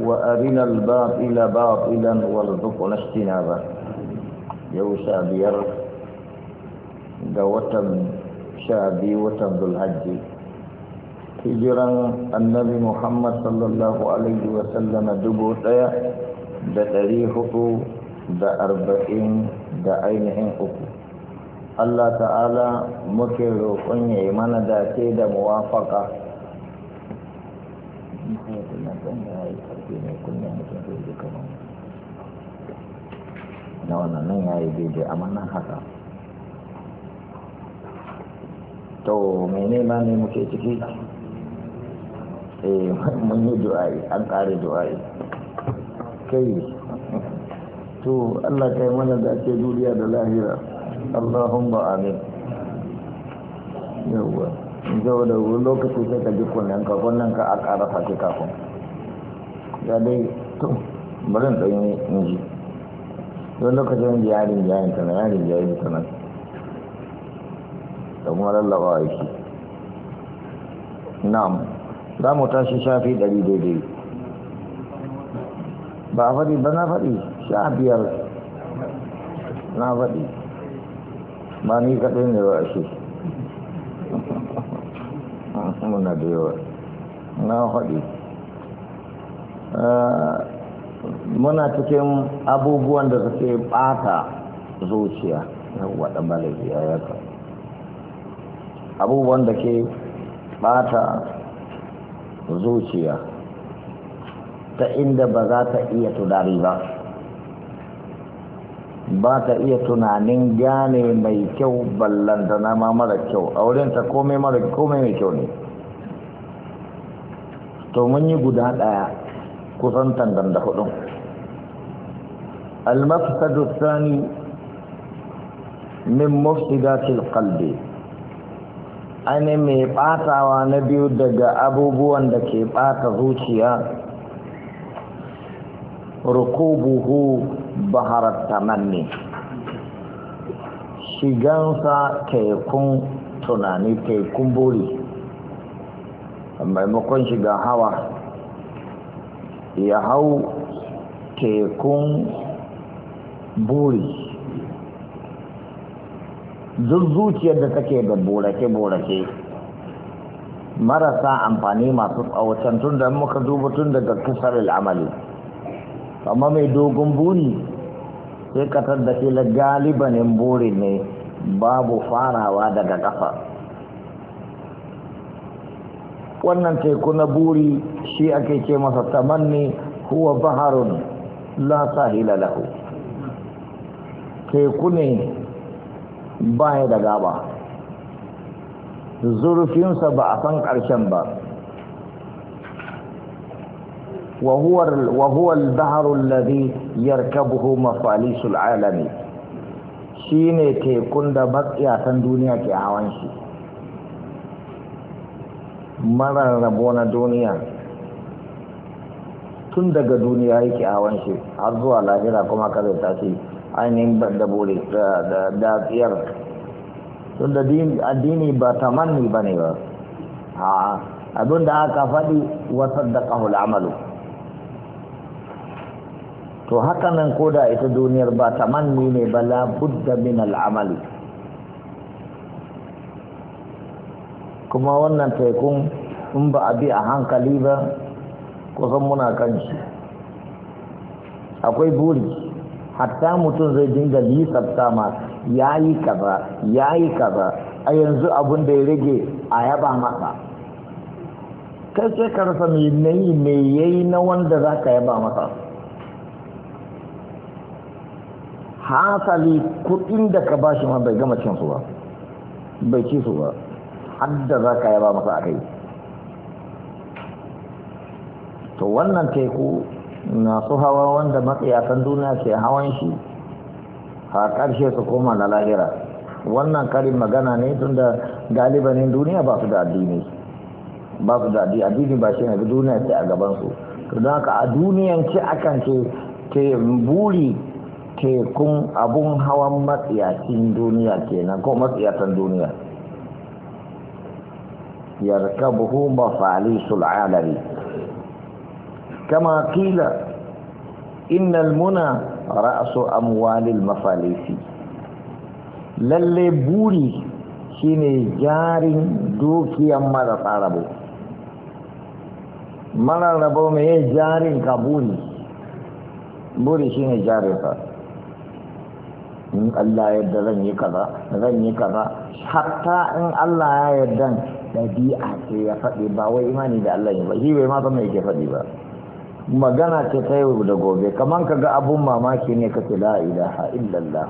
وأرنا الباطل باطلا وارزقنا اجتنابه يوشى بير دوة شابي وتبد الحج هجرا النبي محمد صلى الله عليه وسلم دبو تيا da ɗari hudu da arba'in da ainihin uku Allah ta'ala muke roƙon ya yi mana dace da muwafaka na wannan nan ya yi daidai amma nan haka to mai nema ne muke ciki eh mun yi du'a'i an ƙare du'a'i kai to Allah kai mana da ake duniya da lahira Allahumma amin yawwa zau da wuri lokaci sai ka ji nan ka kunnen ka a ƙara fashe kafin ya dai to barin da yi don lokacin da yarin yayin ta na yarin yayin ta da kuma lallaba aiki na'am za mu tashi shafi ɗari daidai ba a faɗi ba na faɗi sha biyar na faɗi ba ni kaɗai ne ba a shi muna da yawa na haɗe eh, muna cikin abubuwan da suke ɓata zuciya waɗa balaji ya yaka abubuwan da ke ɓata zuciya ta inda ba za ta iya tudari ba ba ta iya tunanin gane mai kyau ballantana ma mara kyau a wurinta komai mara komai mai kyau ne to mun yi guda ɗaya kusan tangan da hudun almafsadu sani min mufsidatil kalbe ane mai batawa na biyu daga abubuwan da ke bata zuciya rukubuhu baharar tamanni shigansa tekun tunani tekun buri maimakon shiga hawa ya hau tekun buri duk zuciyar da take da borake-borake marasa amfani masu tsawacin tun da muka duba tun daga kusurin amali. amma mai dogon buri sai ka da la galibanin buri ne babu farawa daga ƙafa wannan teku na buri shi ake ce masa tamanni huwa baharun la sahila lahu teku ne baya da gaba zurfinsa ba a san ƙarshen ba وهو وهو البحر الذي يركبه مفاليس العالم shine tekun da matsiyatan duniya ke hawan shi marar rabo na duniya tun daga duniya yake hawan shi har zuwa lahira kuma kare ta ce ainihin dabore da tsiyar tun da addini ba manni ba ne ba abinda aka faɗi wasan da ƙahul amalu to haka nan ko da ita duniyar ba ta manni ne ba la budda min al'amali kuma wannan tekun in ba a bi a hankali ba kusan muna kan shi akwai buri hatta mutum zai dinga lisafta ma ya yi kaza ya yi kaza a yanzu abin da ya rage a yaba masa kai sai ka rasa mai yi na wanda za ka yaba masa hasali kuɗin da ka ba shi ma bai gama cin su ba bai ci su ba hadda za ka yaba masa akai to wannan teku na su hawa wanda matsayatan duniya ke hawan shi a ƙarshe su koma na lahira wannan karin magana ne tun da galibanin duniya ba su da addini ba su da addini ba shi ne duniya ce a gabansu to don haka a duniyan ce akan ce buri tekun abun hawan matsiyacin duniya kenan ko matsiyatan duniya yarkabuhu mafalisul alami kama kila innal muna ra'su amwalil mafalisi lalle buri shine jarin dukiyan marasa rabo mara rabo mai jarin ka buri buri shine jarin sa in Allah ya zan yi kaza zan yi kaza hatta in Allah ya yarda dabi'a ce ya faɗi ba wai imani da Allah ne ba shi bai ma san me yake faɗi ba magana ce ta yau da gobe kaman ka ga abun mamaki ne kace la ilaha illallah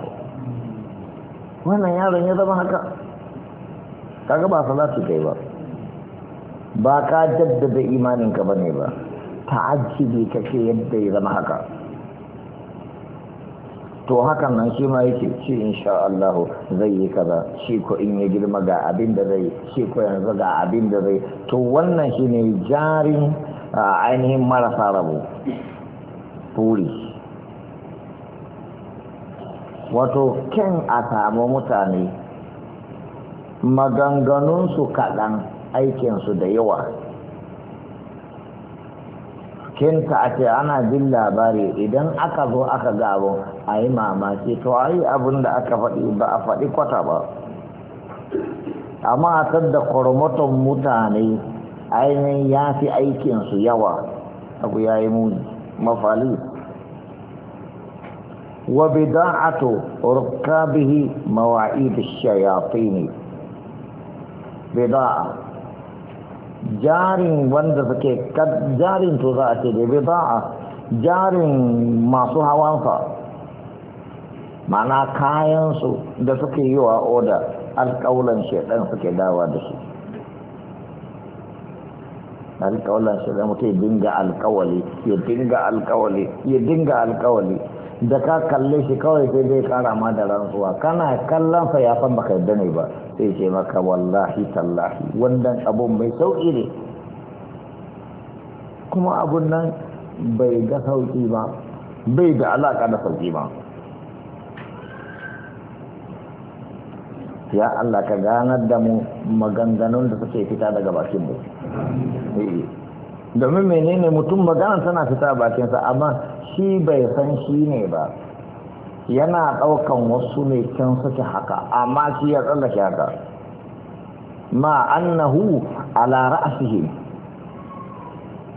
wannan yaron ya zama haka kaga ba salatu kai ba ba ka jaddada imaninka bane ba ta'ajjibi kake yadda ya zama haka to hakan nan shi ma yake ce insha Allah zai yi kaza shi ko in ya girma ga abin da zai shi ko yanzu ga abin da zai to wannan shi shine jarin ainihin marasa rabo buri wato ken a samu mutane maganganunsu kaɗan aikinsu da yawa kinta a ce ana jin labari idan aka zo aka gabo ayi a yi mamaki to a yi abin da aka faɗi ba a faɗi kwata ba amma a da kwarmaton mutane ainihin ya fi aikinsu yawa abu ya yi muni mafali wa bida'atu rukkabihi mawa'id ash bai bida'a jarin wanda suke jarin to za a ce da a jarin masu hawansa mana kayansu da suke yi wa oda alƙaulan shaidan suke dawa da shi alƙaulan shaidan ya dinga alƙawali ya dinga alƙawali ya dinga alƙawali da ka kalle shi kawai sai zai kara ma da rantsuwa kana kallonsa ya san baka yadda ne ba sai ce maka wallahi tallahi wannan abun mai sauƙi ne kuma abun nan bai ga sauƙi ba bai da alaƙa da sauƙi ba ya Allah ka ganar da mu maganganun da suke fita daga bakinmu eh, domin menene mutum magana tana fita bakinsa amma shi bai san shi ne ba yana ɗaukan wasu ne can suke haka amma shi ya tsallake haka ma annahu ala ra'sihi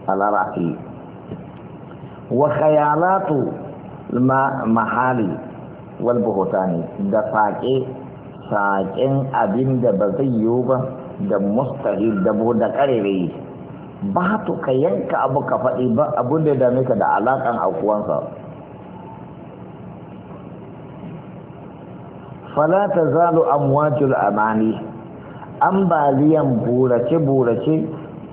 ala ra'si wa khayalatu ma mahali wal buhutani da faƙe saƙen abin da ba zai yiwu ba da mustahil da bo da karewe ba to ka yanka abu ka faɗi ba abun da dame ka da alaƙan aukuwansa falata ta zalu amwajul amani ambaliyan burace-burace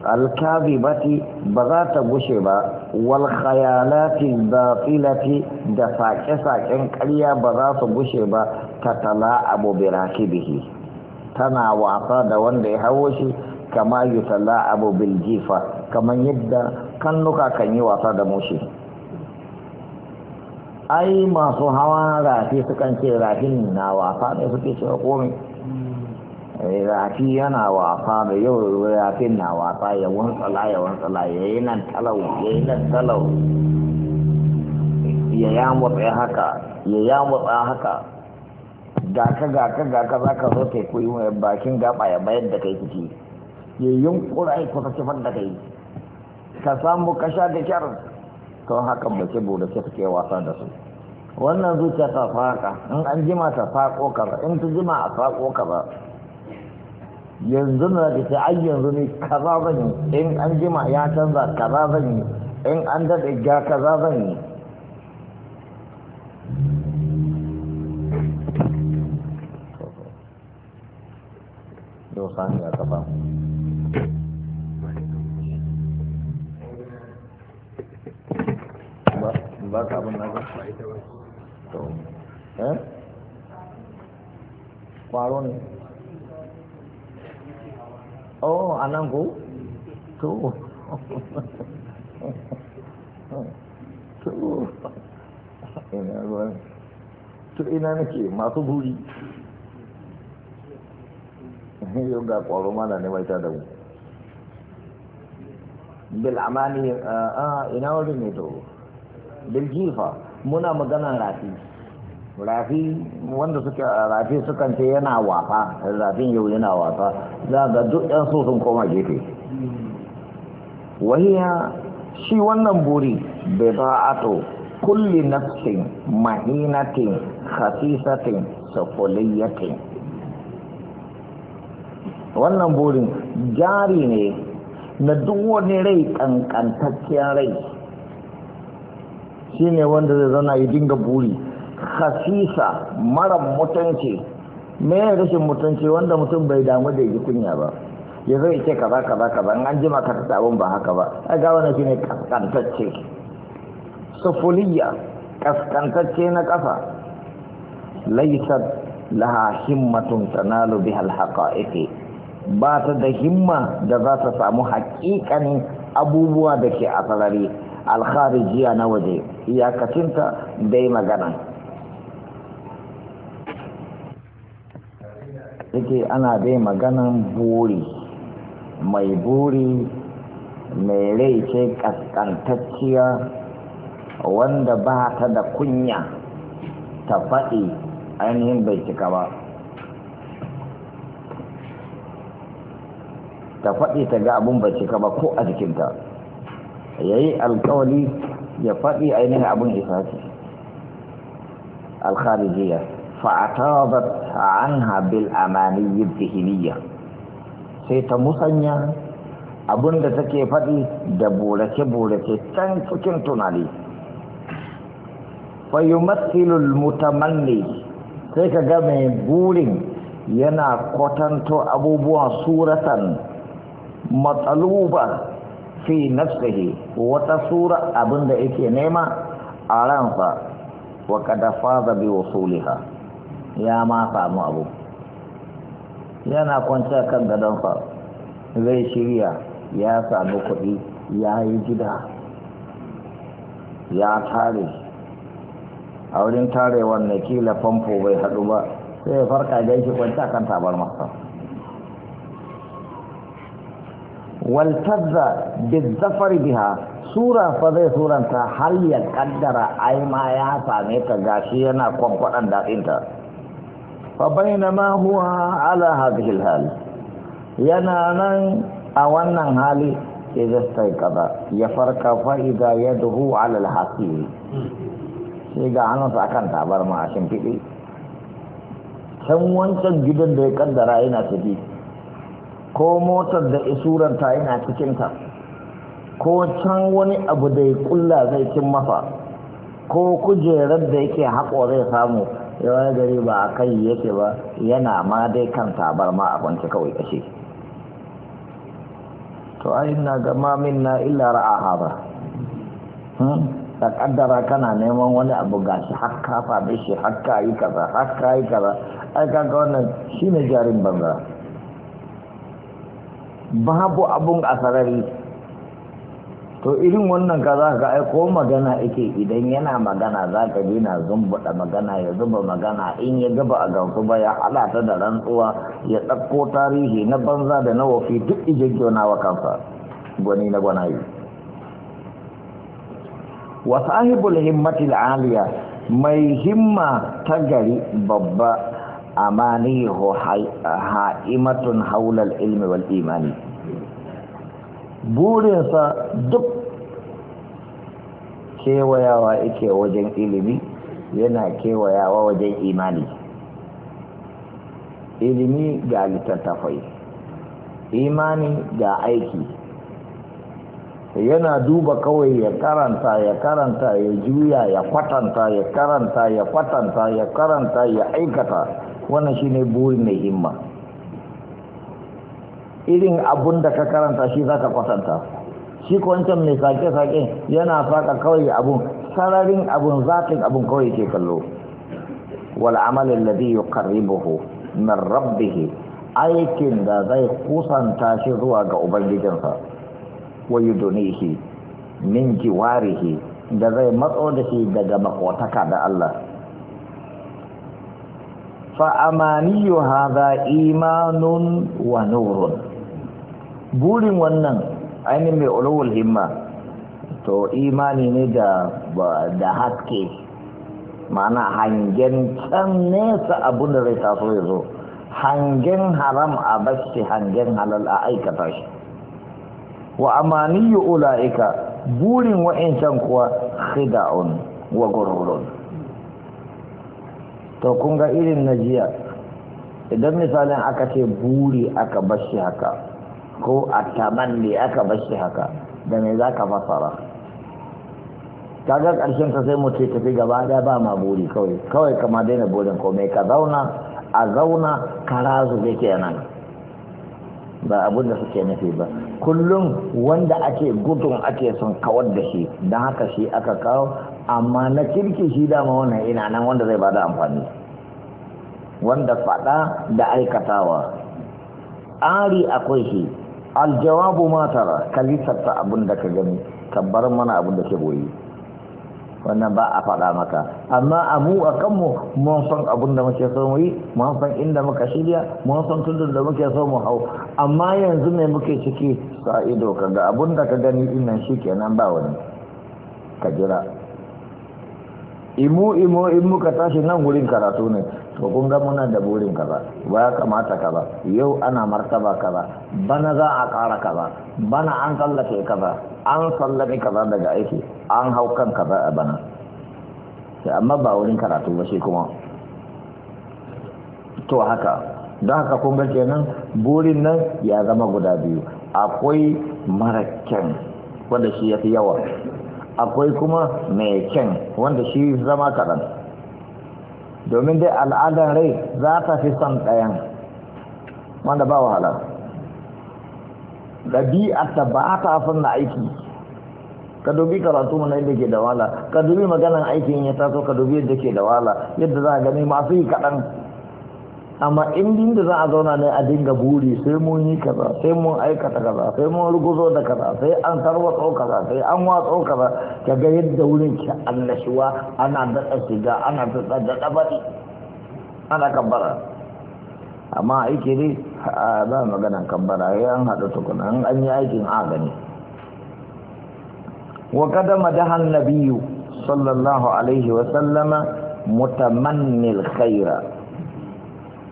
alkazibati ba za ta gushe ba wal khayalati batilati da sake-saken ƙarya ba za su gushe ba ta tala abu birakibihi tana wasa da wanda ya hawo shi kama tala abu biljifa kamar yadda kannuka kan yi wasa da mushi ai masu hawa rafi sukan ce rafin na wasa ne suke ce komai eh, rafi yana wasa da yau rafin na wasa ya wantsala ya wantsala ya yi nan talau ya yi nan talau ya ya haka ya yamutsa haka ga ka gaka gaka gaka za ka zo ta yi mai bakin gaba ya bayar da kai kuci ya yunkura ya kusa kifar da kai ka samu kasha da kyar to haka bude burace take wasa da su wannan zuciya ta faka in an jima ta fako kaza in ta jima a fako kaza yanzu na da ai yanzu ne kaza zan yi in an jima ya canza kaza zan yi in an daɗe ga kaza zan yi Dosa ya kafa. ba ka abin na ba to eh kwaro ne oh anan nan ko to to ina to ina nake masu buri yau ga kwaro mana ne bai ta da mu bil amani a eh, eh, ina wuri ne to jifa muna maganan rafi rafi wanda suke rafi sukan ce yana wafa rafin yau yana wafa za ga duk yan so sun koma gefe wahiya shi wannan buri bai to kulli nafsin mahinatin khasisatin sakuliyatin wannan burin jari ne na duk wani rai kankantacciyar rai shine wanda zai zana ya dinga buri khasisa mara mutunci me rashin mutunci wanda mutum bai damu da yi kunya ba ya zai ce kaza kaza kaza in an jima ka ta ba haka ba a ga na shine kaskantacce sufuliya kaskantacce na kafa laisa laha himmatun tanalu biha alhaqa'iqi ba ta da himma da za ta samu haƙiƙanin abubuwa da ke a sarari alkharijiya na waje iyakacinta dai magana yake ana dai maganan buri mai buri mai rai ce kaskantacciya wanda ba ta da kunya ta faɗi ainihin bai cika ba ta faɗi ta ga abin bai cika ba ko a jikinta ya yi alkawali ya faɗi ainihin abin isaci alkharijiyar fa'atabat anha bil amaniyyar zihiliya sai ta musanya abin da take faɗi da burace-burace can cikin tunani fayyumatsilul mutamanni sai ka ga mai burin yana kwatanto abubuwan suratan matsaluba fi nafsihi wata sura abinda yake nema a ransa wa kada faza bi wusuliha ya ma samu abu yana kwanciya kan gadonsa zai shirya ya samu kuɗi ya yi gida ya tare a wurin tare wannan kila famfo bai haɗu ba sai ya farka gaishe kwanciya kan tabar masa waltaza bizzafar biha sura fa zai suranta har ya kaddara ai ma ya same ta gashi yana kwankwadan daɗinta fa bainama huwa ala hadhihi hal yana nan a wannan hali idan sai kaza ya farka fa idza yadhu ala alhasib sai ga hannunsa akan tabarma a shimfiɗe can wancan gidan da ya kaddara yana tafi ko motar da isuranta yana cikinta ko can wani abu da ya kulla zai cin mafa, ko kujerar da yake haƙo zai samu yawa gari ba a kai yake ba yana ma dai kan tabar ma abinci kawai kashe to ai na ga mamin na illa ra'a ba hmm? da kaddara kana neman wani abu ga har ka mai shi har yi kaza har yi kaza ai kaga wannan shine jarin banza babu abun a sarari to irin wannan ka za ka aiko magana ake idan yana magana za ka dina zumbuɗa magana ya zuba magana in ya gaba a gamsu ba ya halata da rantsuwa ya ɗauko tarihi na banza da na wafi duk ijejjona wa kansa gwani na gwanayi wa sahibul himmatil aliya mai himma ta gari babba amanihu ha'imatun haulal ilmi wal imani burinsa duk kewayawa yake wajen ilimi yana kewayawa wajen imani ilimi ga littattafai imani ga aiki yana duba kawai ya karanta ya karanta ya juya ya kwatanta ya karanta ya kwatanta ya karanta ya aikata wannan shine burin mai himma irin abun da ka karanta shi za ka kwatanta shi kwancan mai sake-sake yana saka kawai abun sararin abun zaƙin abun kawai ke kallo wal'amalin amalin ladhi yuqarribuhu na rabbih aikin da zai kusanta shi zuwa ga ubangijinsa wa donishi min jiwarihi da zai matso da shi daga makotaka da Allah fa amaniyu hadha imanun wa nurun burin wannan ainihin mai ulowul himma to imani ne da da haske ma'ana hangen can nesa abin da zai taso ya zo hangen haram a bashi hangen halal a aikata shi wa yi ula'ika burin wa'incan kuwa hida'un wa gururun to kunga irin na jiya idan misalin aka ce buri aka bashi haka ko a taman ne aka bashi haka da mai za ka fasara kaga ƙarshen ka sai mutum tafi gaba da ba ma buri kawai kawai kama daina burin komai ka zauna a zauna zai ke nan? ba abin da suke nufi ba kullum wanda ake gudun ake son kawar da shi don haka shi aka kawo amma na kirki shi dama wannan ina nan wanda zai bada amfani wanda faɗa da aikatawa Ari akwai shi aljawabu ma tara kalisarta abin da ka gani tabbar mana abin da ke boye wannan ba a faɗa maka amma abu a kanmu mun san abin da muke so mu yi mun san inda muka shirya mun san tudun da muke so mu hau amma yanzu me muke ciki sa ido kaga abin da ka gani inna shi kenan ba wani ka jira imu imu in ka tashi nan wurin karatu ne to kun ga muna da burin kaza ba ya kamata kaza yau ana martaba kaza bana za a kara kaza bana an tsallake kaza an sallame kaza daga aiki an hau kan kaza a bana sai amma ba wurin karatu ba shi kuma to haka don haka kun ga kenan burin nan ya zama guda biyu akwai kyan wanda shi ya fi yawa akwai kuma mai kyan wanda shi zama kaɗan domin dai al'adar rai za ta fi son ɗayan wanda ba wahala ɗabi'arta ba ta fin na aiki ka dubi karatu mana yadda ke da wahala ka dubi maganan aikin ya taso ka dubi yadda ke da wahala yadda za a gani masu yi kaɗan amma in din da za a zauna ne a dinga buri sai mun yi kaza sai mun aikata kaza sai mun rugozo da kaza sai an tarwatsa kaza sai an watsa kaza ga yadda wurin ki annashuwa ana daɗa shiga ana daɗa daɗa baɗi ana kabbara amma aiki ne, a ba maganan kabbara ya an haɗu tukuna an an yi aikin agani wa kadama Madahan Nabiyu sallallahu alaihi wa sallama mutamannil khaira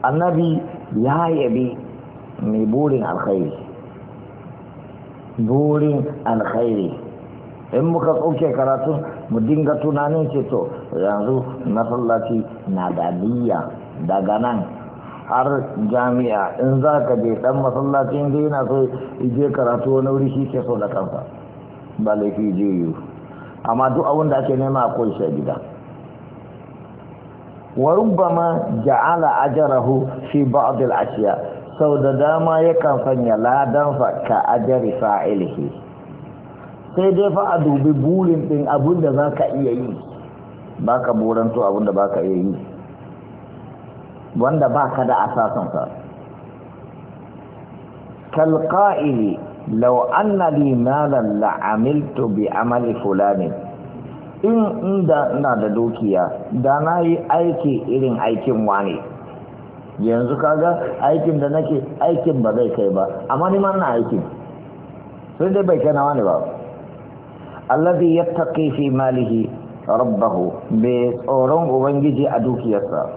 annabi ya yabi mai burin alkhairi burin alkhairi in muka tsoke karatu mu dinga tunanin ce to yanzu masallaci na da daga nan har jami'a in za ka je dan masallaci inda yana so je karatu wani wuri shi ke so da kansa ba laifi je amma duk abin da ake nema akwai shi a gida وربما جعل أجره في بعض الأشياء sau da dama yakan sanya ladansa ka ajari fa'ilihi sai dai fa a dubi burin ɗin abin da za ka iya yi ba ka buranto abin da ba ka iya yi wanda ba ka da asasinsa kalƙa'ili lau anna li la'amiltu bi amali fulanin in inda ina da dukiya da na yi aiki irin aikin wane yanzu kaga aikin da nake aikin ba zai kai ba amma ni na aikin sai dai bai kai na wani ba allazi yattaqi fi malihi rabbahu bi tsoron ubangiji a dukiyarsa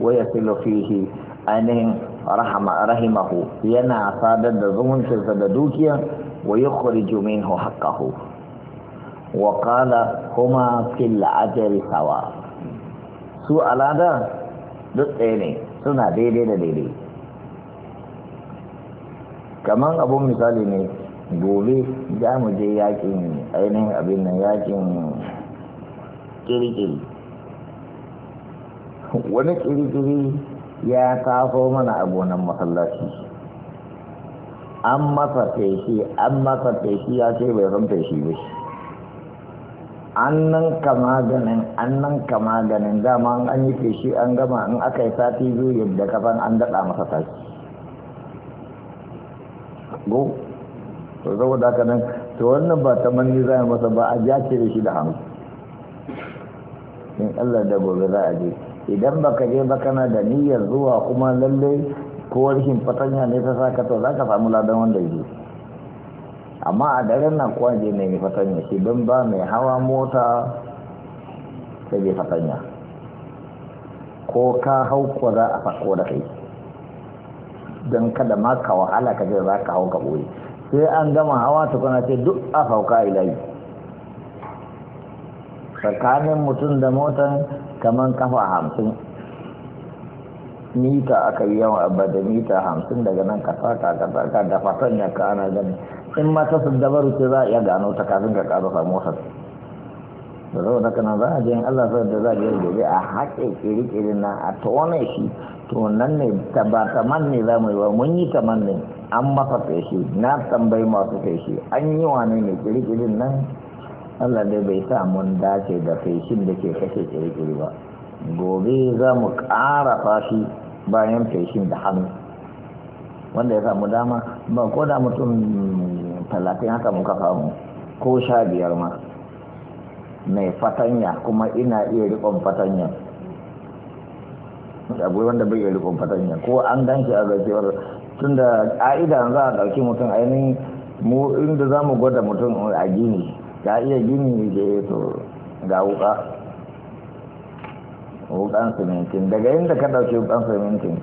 wa yasilu fihi ainihin rahama rahimahu yana sadar da zumuncinsa da dukiyar wa yukhriju minhu haqqahu waƙala kuma fil ajari sawa su alada duk ɗaya ne suna daidai da daidai kamar abun misali ne gobe za mu je yakin ainihin abin nan yakin kirkiri wani kirkiri ya kafo mana a gonan masallaci an masa feshi an masa feshi ya ce bai san feshi ba shi annan ka maganin annan ka maganin dama an yi feshi an gama in aka yi sati biyu yadda kafan an daɗa masa taki go to saboda haka nan to wannan ba ta manni za a masa ba a ja shi da hannu in allah da gobe za a je idan baka je ba kana da niyyar zuwa kuma lallai ko rashin fatanya ne ta saka to za ka samu ladan wanda ya je amma a daren nan kuwa je mai fatanya shi don ba mai hawa mota ta je fatanya ko ka hau za a fako da kai don kada ma ka wahala ka je za ka hau ka ɓoye sai an gama hawa tukuna ce duk a fauka ilayi tsakanin mutum da motan kamar kafa hamsin mita aka yi yawan abada mita hamsin daga nan ka saka ka saka da fatan ka ana gani in ma ta saddabaru ce za a iya gano ta kafin ka karo samu wasan da zau da kana za a je Allah sa da za a je gobe a haƙe kiri na a tona shi to nan ne ta ba ne za mu yi wa mun yi taman ne an masa feshi na tambayi masu feshi an yi wane ne kiri ƙirƙirin nan Allah dai bai sa mun dace da feshin da ke kashe kiri ba gobe za mu ƙara fashi bayan feshin da hannu wanda ya samu dama ba ko da mutum talatin haka muka samu ko sha biyar ma mai fatanya kuma ina iya rikon fatanya abu wanda bai iya rikon fatanya ko an gan shi a gajiyar tun da ƙa'ida za a ɗauki mutum ainihin mu inda za mu gwada mutum a gini ya iya gini da ya to ga wuka wukan simintin daga inda ka ɗauki wukan simintin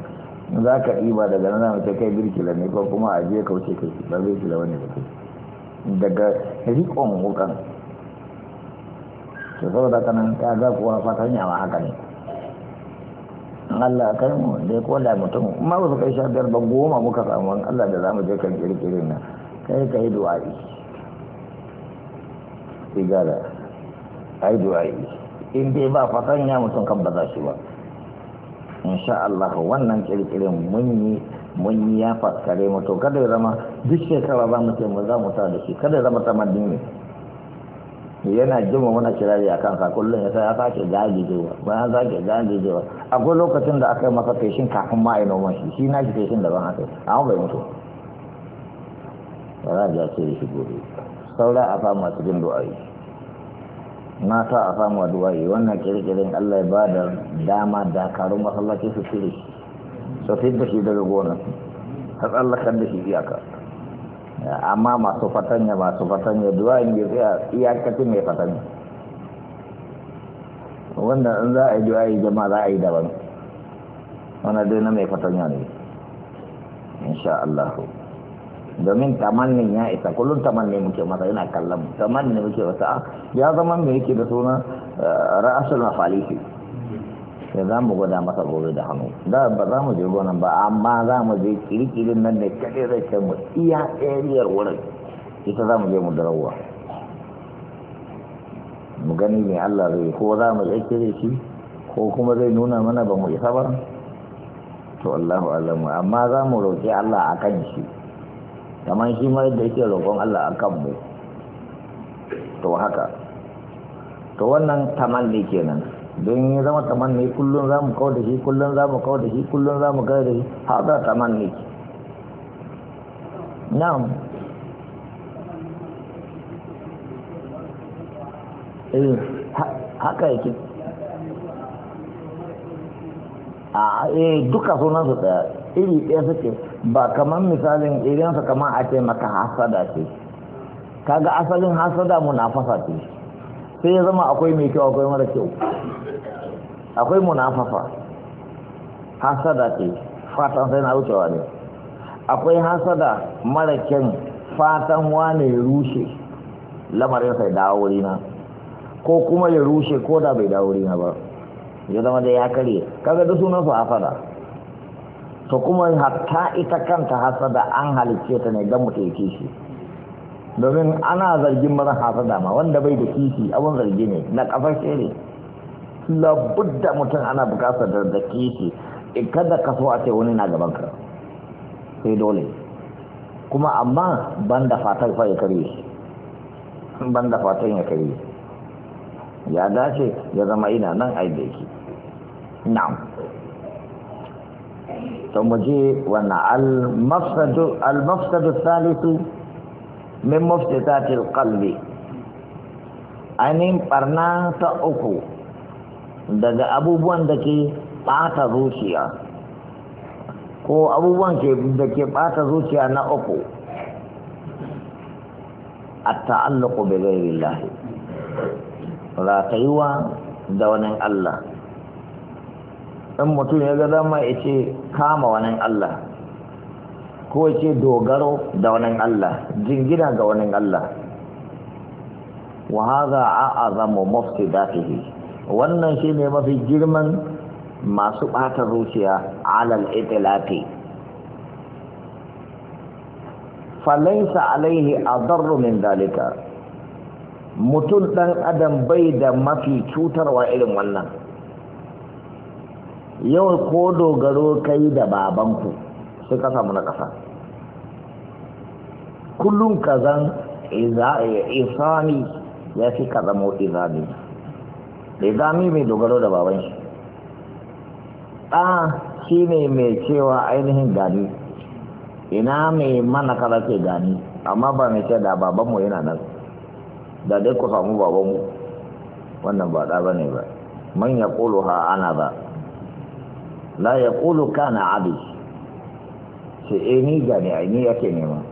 za ka ɗiba daga nan mace kai birkila ne ko kuma a je kauce kai ba birkila wani da daga riƙon hukan to saboda ka nan ka ga kuwa fatan yawa haka ne Allah kai mu da ya kola mutum ma ba su kai sha biyar ba goma muka samu an Allah da za mu je kan kirkirin nan kai ka yi du'a'i igala ai du'a'i in dai ba fatan ya mutum kan ba za shi ba insha Allah wannan kirkirin mun yi mun yi ya faskare mu to kada zama duk shekara za mu ce mu za mu sa da shi kada zama ta madini yana jima wani kirari a kansa kullum ya sa ya sake gajijewa bayan sake gajijewa akwai lokacin da aka yi masa feshin kafin ma a yi noman shi shi na shi feshin da ban aka yi amma bai mutu ba za a ce shi gobe saura a fama cikin du'a'i mata a samuwa duwaye wannan kirkirin Allah ya ba da dama dakarun masallaci su cire su da shi daga gona, ta tsallakar da shi iyaka amma masu fatanya masu fatanya duwayin ya tsaya iyakacin mai fatanya wanda in za a yi duwaye jama'a za a yi daban wanda dai na mai fatanya ne insha Allah domin tamannin ya isa kullum tamanni muke masa yana kallon tamanni muke wata ya zama mai yake da suna ra'asul mafalifi sai za mu gwada masa gobe da hannu da ba za mu je gonan ba amma za mu je kirkirin nan ne kaɗai zai ce mu iya tsariyar wurin ita za mu je mu darawa mu gani mai Allah zai ko za mu tsakire shi ko kuma zai nuna mana ba mu isa ba to Allahu alamu amma za mu roƙi Allah a kan shi kamar shi ma yadda yake roƙon Allah a kanmu to haka to wannan tamanni kenan don yi zama tamanni kullum za mu kawo da shi kullum za mu kawo da shi kullum za mu kawo da shi haɗa tamanni na'am eh, haka yake a eh, duka sunan su daya iri ɗaya suke ba kamar misalin irinsa kamar a ce maka hasada ce kaga asalin hasada munafasa ce sai ya zama akwai mai kyau akwai mara kyau akwai munafasa hasada ce fatan sai na wucewa ne akwai hasada mara kyan fatan wane ya rushe lamarin sai dawo wurina ko kuma ya rushe ko da bai dawo wurina ba ya zama da ya karye kaga da sunan su hasada to kuma hatta ita kanta hasada an halicce ta ne don mutu ya kishi domin ana zargin mara hasada ma wanda bai da kishi abun zargi ne na kafar shere da mutum ana bukatar da kishi eh, kada ka so a ce wani na gaban ka sai dole kuma amma ban da fatan fa ya kare ban da fatan ya kare ya dace ya zama ina nan aiki na'am to mu je wannan al-mafsadu min mafsadu thalithu min mafsadatil qalbi ainihin barna ta uku daga abubuwan da ke ɓata zuciya ko abubuwan da ke ɓata zuciya na uku a ta'allaku bai gairin lahi ratayuwa da wani Allah in mutum ya ga zama ya ce kama wani Allah ko ya ce dogaro da wani Allah jingina ga wani Allah wa haza a'azamu mufsidatihi wannan shine mafi girman masu ɓata zuciya alal itilati falaisa alaihi adarru min dalika mutum ɗan adam bai da mafi cutarwa irin wannan yau ko dogaro kai da babanku sai ka samu na kasa kullum ka zan isani ya fi ka zamo izami izami mai dogaro da baban shi ɗa shi ne mai cewa ainihin gani ina mai mana kala ke gani amma ba mai ce da babanmu yana nan da dai ku samu babanmu wannan ba ɗa ba ne ba manya ya ana ba la ya ƙulu kana abi shi e ni gani a ni yake nema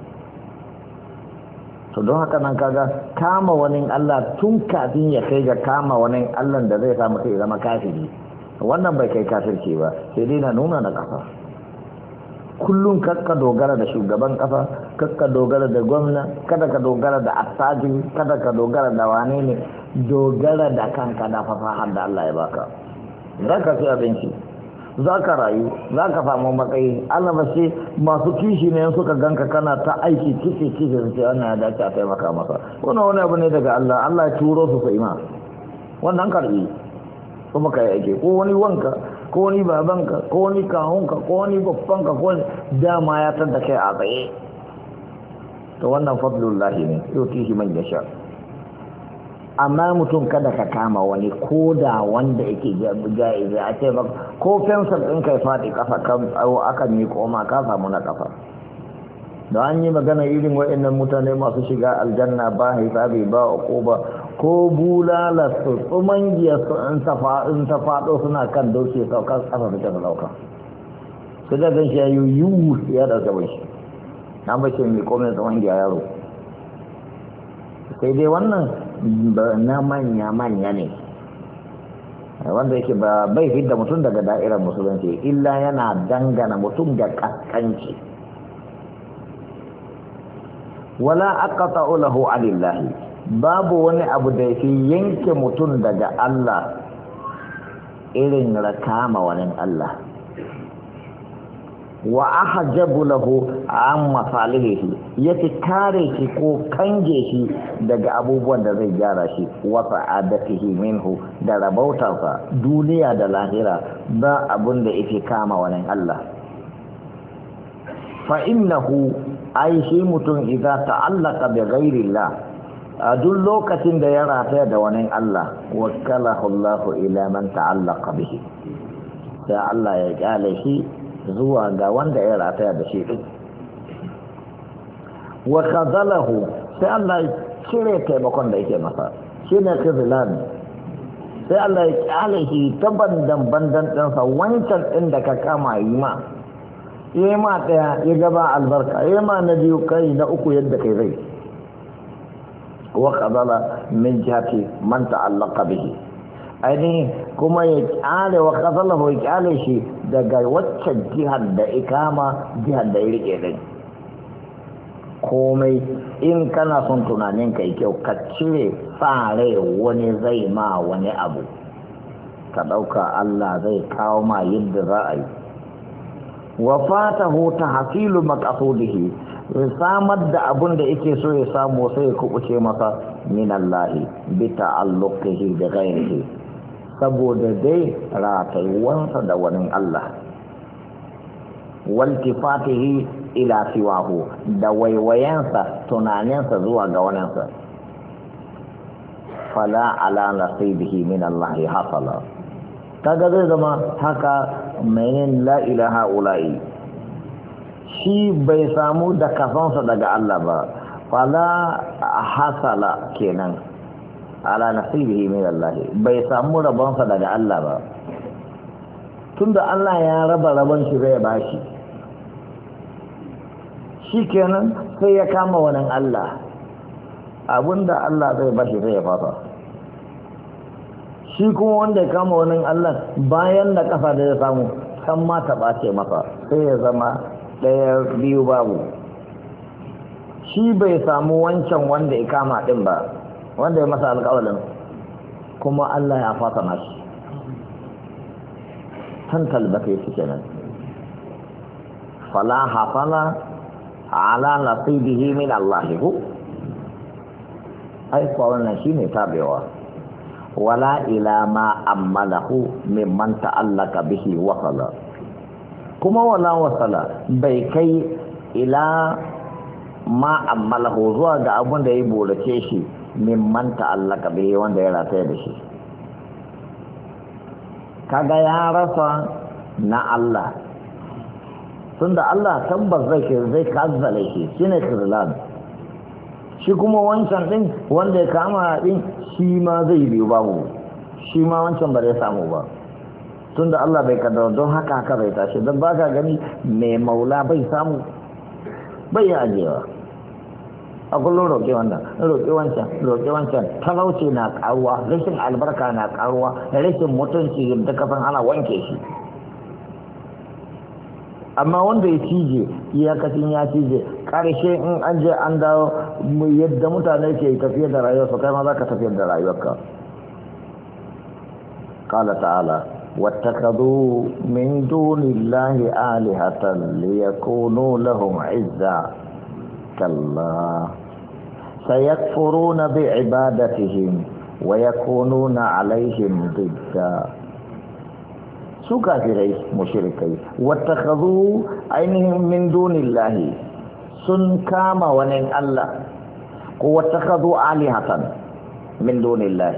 to don haka nan kaga kama wani Allah tun kafin ya kai ga kama wani Allah da zai samu kai zama kafiri wannan bai kai kafirci ba sai dai na nuna na kafa kullum kakka dogara da shugaban kafa kakka dogara da gwamna kada ka dogara da attajiri kada ka dogara da wane ne dogara da kanka da fafa da Allah ya baka zaka ci abinci za ka rayu za ka samu matsayi alabashe masu kishi ne suka ganka kana ta aiki kishi kishi su ce ana ya dace a taimaka masa wannan wani abu ne daga Allah Allah ya turo su sai ma wannan karbi maka ya ake ko wani wanka ko wani babanka ko wani kahunka ko wani babbanka ko dama ya tadda a tsaye to wannan fadlullahi ne yau kishi man sha. amma mutum kada ka kama wani ko da wanda yake ja'izi a ce ko fensir ɗin kai faɗi kafa kan tsawo aka mi koma ka samu na kafa da an yi magana irin wa'annan mutane masu shiga aljanna ba hisabi ba ba ko bulala su tsuman giya su in ta faɗo suna kan doke saukar kafa su ta sauka su da gan shi yayi yiwu ya da bai shi na bashi mai komai tsuman giya yaro sai dai wannan na manya-manya ne wanda yake ba bai fidda mutum daga da'irar musulunci illa yana dangana mutum da kaskanci wala aqata lahu alillahi babu wani abu da yake yanke mutum daga Allah irin rakama wani Allah wa ahajabu lahu an ya fi kare shi ko kange shi daga abubuwan da zai gyara shi wa sa'adatihi minhu da rabautarsa duniya da lahira ba abun da yake kama wani Allah fa innahu ai shi mutum idza ta'allaqa bi ghairillah a duk lokacin da ya rataya da wani Allah wakkalahu Allah ila man ta'allaqa bihi sai Allah ya kyale shi zuwa ga wanda ya rataya da shi ɗin wa kazalahu sai Allah ya cire taimakon da yake masa shi ne kizilan sai Allah ya ƙyale shi ta bandan bandan ɗinsa wancan ɗin da ka kama yi ma yi ma ɗaya ya gaba albarka yi ma na biyu kai na uku yadda kai zai wa kazala min jati man ta'allaka bihi ainihin kuma ya kyale wa kasalahu ya kyale shi daga wacce jihar da ikama jihar da ya rike komai in kana son tunanin kai kyau ka cire tsare wani zai ma wani abu ka ɗauka Allah zai kawo ma yadda za a yi wa fatahu tahsilu maqasudihi samar da abun da yake so ya samu sai ya kubuce masa min Allah bi ta'alluqihi bi saboda dai ratayuwansa da wani Allah fatihi ila siwahu da waiwayensa tunaninsa zuwa ga waninsa fala ala nasibihi min Allah hasala kaga zai zama haka mai la ilaha ula'i shi bai samu da kafansa daga Allah ba fala hasala kenan ala nasibihi min Allah bai samu rabonsa daga Allah ba tunda Allah ya raba rabon shi zai bashi shikenan sai ya kama wani Allah abinda Allah zai bashi zai fata shi kuma wanda ya kama wani Allah bayan da kafa da ya samu kan ma ta ɓace masa sai ya zama ɗaya biyu babu shi bai samu wancan wanda ya kama ɗin ba wanda ya masa alƙawarin kuma Allah ya fata mashi ka yi yake kenan fala hafala ala nasibihi min Allah hu ai kuwa wannan shine tabewa wala ila ma ammalahu mimman ta'allaka bihi wasala kuma wala wasala bai kai ila ma ammalahu zuwa ga abun da ya bolace shi mimman ka bihi wanda ya rataya da shi kaga ya rasa na Allah tunda Allah tabbas zai zai kazzale shi shi ne kirlan shi kuma wancan din wanda ya kama ɗin shi ma zai biyu babu shi ma wancan ba zai samu ba tunda Allah bai kaddara don haka haka bai tashi don ba ka gani mai maula bai samu bai ajewa a kullum roƙe wannan roƙe wancan roƙe wancan talauci na ƙaruwa rashin albarka na ƙaruwa rashin mutunci da kafin ana wanke shi amma wanda ya cije iyakacin ya cije ƙarshe in an je an dawo yadda mutane ke tafiyar da rayuwa su kai ma za ka tafiyar da rayuwarka قال تعالى واتخذوا من دون الله آلهة ليكونوا لهم عزا حتى الله سيكفرون بعبادتهم ويكونون عليهم ضدا سوكا في رئيس مشركي واتخذوا عينهم من دون الله سن كاما ونين الله واتخذوا آلهة من دون الله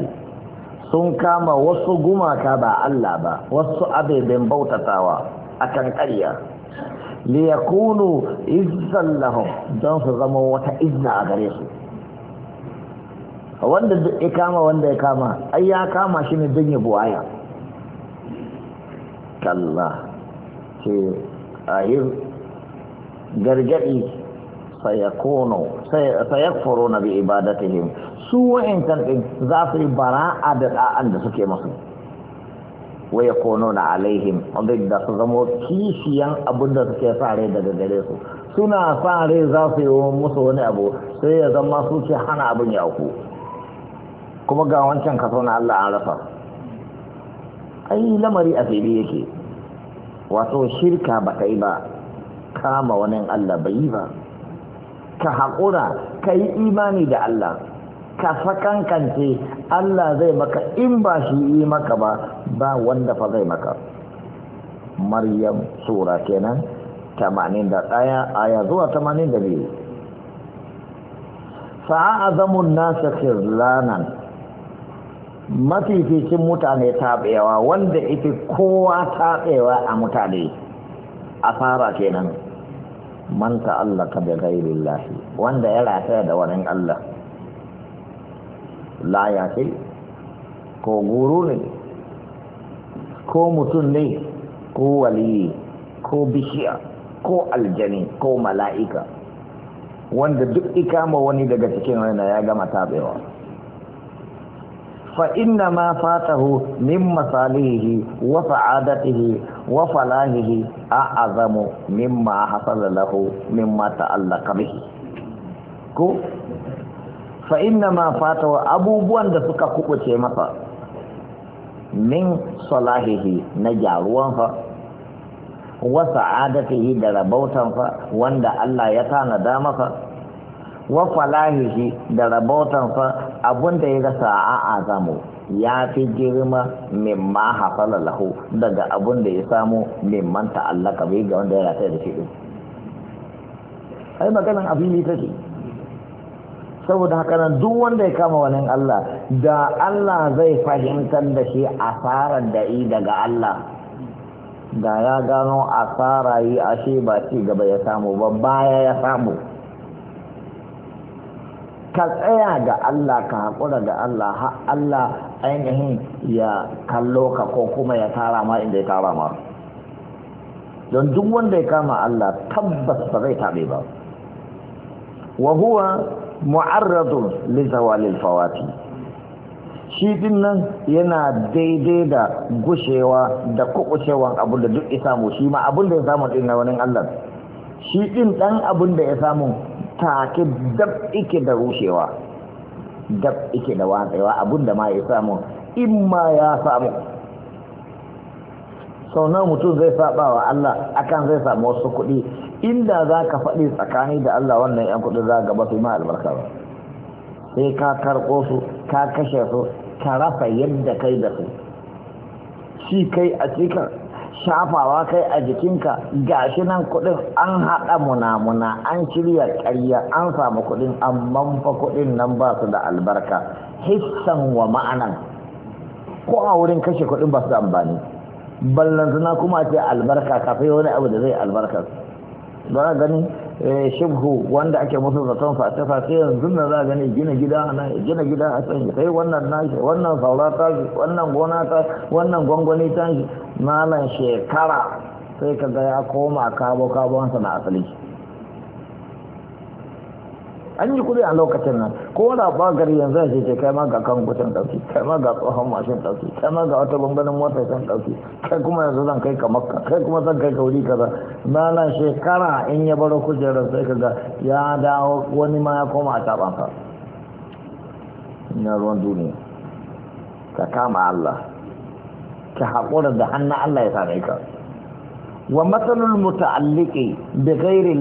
سن كاما وصو قما كابا الله با وصو أبي بن بوتتاوا أكن أريا liyakunu izzan lahum don su zama wata izna a gare su wanda ya kama wanda ya kama ai ya kama shi ne don ya buwaya kalla ce ahir gargadi sayakunu sayakfuru na bi ibadatihim su wa'in kan za su yi bara'a da ɗa'an da suke masu wa yakununa alaihim wanda su zama kishiyan abin da suke sa rai daga gare su suna sa rai za su yi musu wani abu sai ya zama su ce hana abin ya ku kuma ga wancan kaso na Allah an rasa ai lamari a fili yake wato shirka ba ta yi ba kama wani Allah bai yi ba ka haƙura ka yi imani da Allah ka kanti Allah zai maka in ba shi yi maka ba ba wanda fa zai maka maryam sura kenan 81 aya zuwa 82 azamun nasu khizlanan mafificin mutane taɓewa wanda ita kowa taɓewa a mutane a fara kenan manta Allah ka da gairin lafi wanda ya rataya da wani Allah la ya ce ko guru ne ko mutum ne ko waliyi ko bishiya ko aljani ko mala'ika wanda duk ikama wani daga cikin raina ya gama tabewa fa inna ma fatahu min masalihi wa sa'adatihi wa falahihi a'azamu mimma hasala lahu mimma Allah bihi ko fa inna ma fatawa abubuwan da suka kubuce masa min salahihi na fa wa sa'adatihi da fa wanda Allah ya tanada masa wa falahihi da rabautansa abunda ya ga sa'a azamu ya fi girma mimma hasala lahu daga abun da ya samu mimman ta'allaka bai ga wanda ya rata da shi din ai maganan abin ne take saboda haka nan duk wanda ya kama wani Allah da Allah zai fahimtar da shi asarar da yi daga Allah da ya gano asara yi ashe ba ci gaba ya samu ba baya ya samu ka tsaya ga Allah ka haƙura ga Allah ha Allah ainihin ya kallo ka ko kuma ya tara ma inda ya tara ma don duk wanda ya kama Allah tabbas ba zai tabe ba wa huwa mu'arradun li zawalil fawati shi din nan yana daidai da gushewa da kukucewan abun da duk ya samu shi ma abun da ya samu din na wani Allah shi din dan abun da ya samu take dab ike da rushewa dab ike da watsewa abun da ma ya samu in ma ya samu sau nawa mutum zai saba wa Allah akan zai samu wasu kuɗi inda za ka faɗi tsakani da Allah wannan yan kuɗi za gaba su ma albarka ba sai ka karɓo su ka kashe su ka rasa yadda kai da su shi kai a cikin shafawa kai a jikinka gashi nan kuɗin an haɗa muna-muna an shirya ƙarya an samu kuɗin an manfa kuɗin nan ba su da albarka hissan wa ma'anan ko a wurin kashe kuɗin ba su da amfani ballantana kuma ce albarka kafin wani abu da zai albarka za a gani eh, shibhu wanda ake musu zaton face face yanzu na za a gani gina gida a nan gina gida a can ya kai wannan nashi wannan saura ta wannan gona ta wannan gwangwani ta malan shekara sai ka ga ya koma kabo kabonsa na asali an yi kuɗi a lokacin nan ko da ba gari yanzu ce ce kai ma ga kan gutun ɗauki kai ma ga tsohon mashin ɗauki kai ma ga wata bambanin motar can ɗauki kai kuma yanzu zan kai ka makka kai kuma zan kai ka wuri kaza bayan shekara in ya baro kujerar sai ka ga ya dawo wani ma ya koma a taɓa ka na ruwan duniya ka kama Allah ka haƙura da hannun Allah ya same ka wa matsalul muta'alliki bi ghairi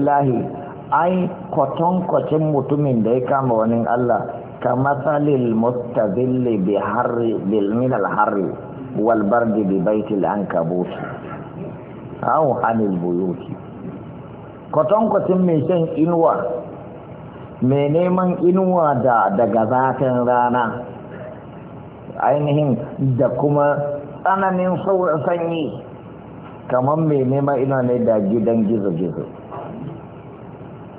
ai kwatankwacin mutumin da ya kama wani Allah ka matsalil mustazilli bi harri bil minal harri wal bardi bi baitil ankabut aw anil buyuti kwatankwacin mai shan inuwa mai neman inuwa da daga zafin rana ainihin da kuma tsananin sanyi kamar mai neman inuwa ne da gidan gizo-gizo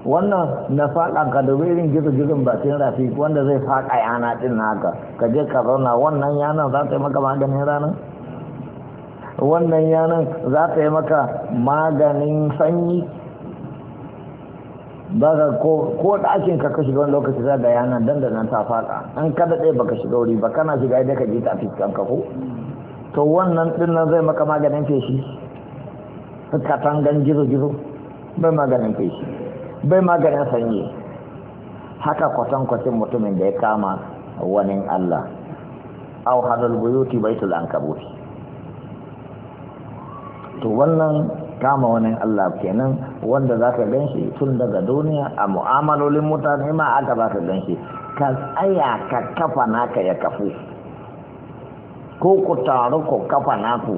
wannan na faɗa ka da wurin gizo-gizon bakin rafi wanda zai faɗa yana ɗin haka ka je ka zauna wannan yanan za ta yi maka maganin ranar wannan yanan za ta yi maka maganin sanyi ba ga ko ɗakin ka ka shiga wani lokaci za ga yanan dandanan ta faɗa in kada ɗaya ba ka shiga wuri ba kana shiga idan ka je ta fiskan ka ko to wannan ɗin nan zai maka maganin feshi katangan gizo-gizo bai maganin feshi bai maganin sanyi haka kwatankwacin mutumin da ya kama wani Allah au hadal buyuti baitul ankabuti to wannan kama wani Allah kenan wanda za ka gan shi tun daga duniya a mu'amalolin mutane ma aka ba ka gan shi ka tsaya ka kafa naka ya kafu ko ku taru ku kafa naku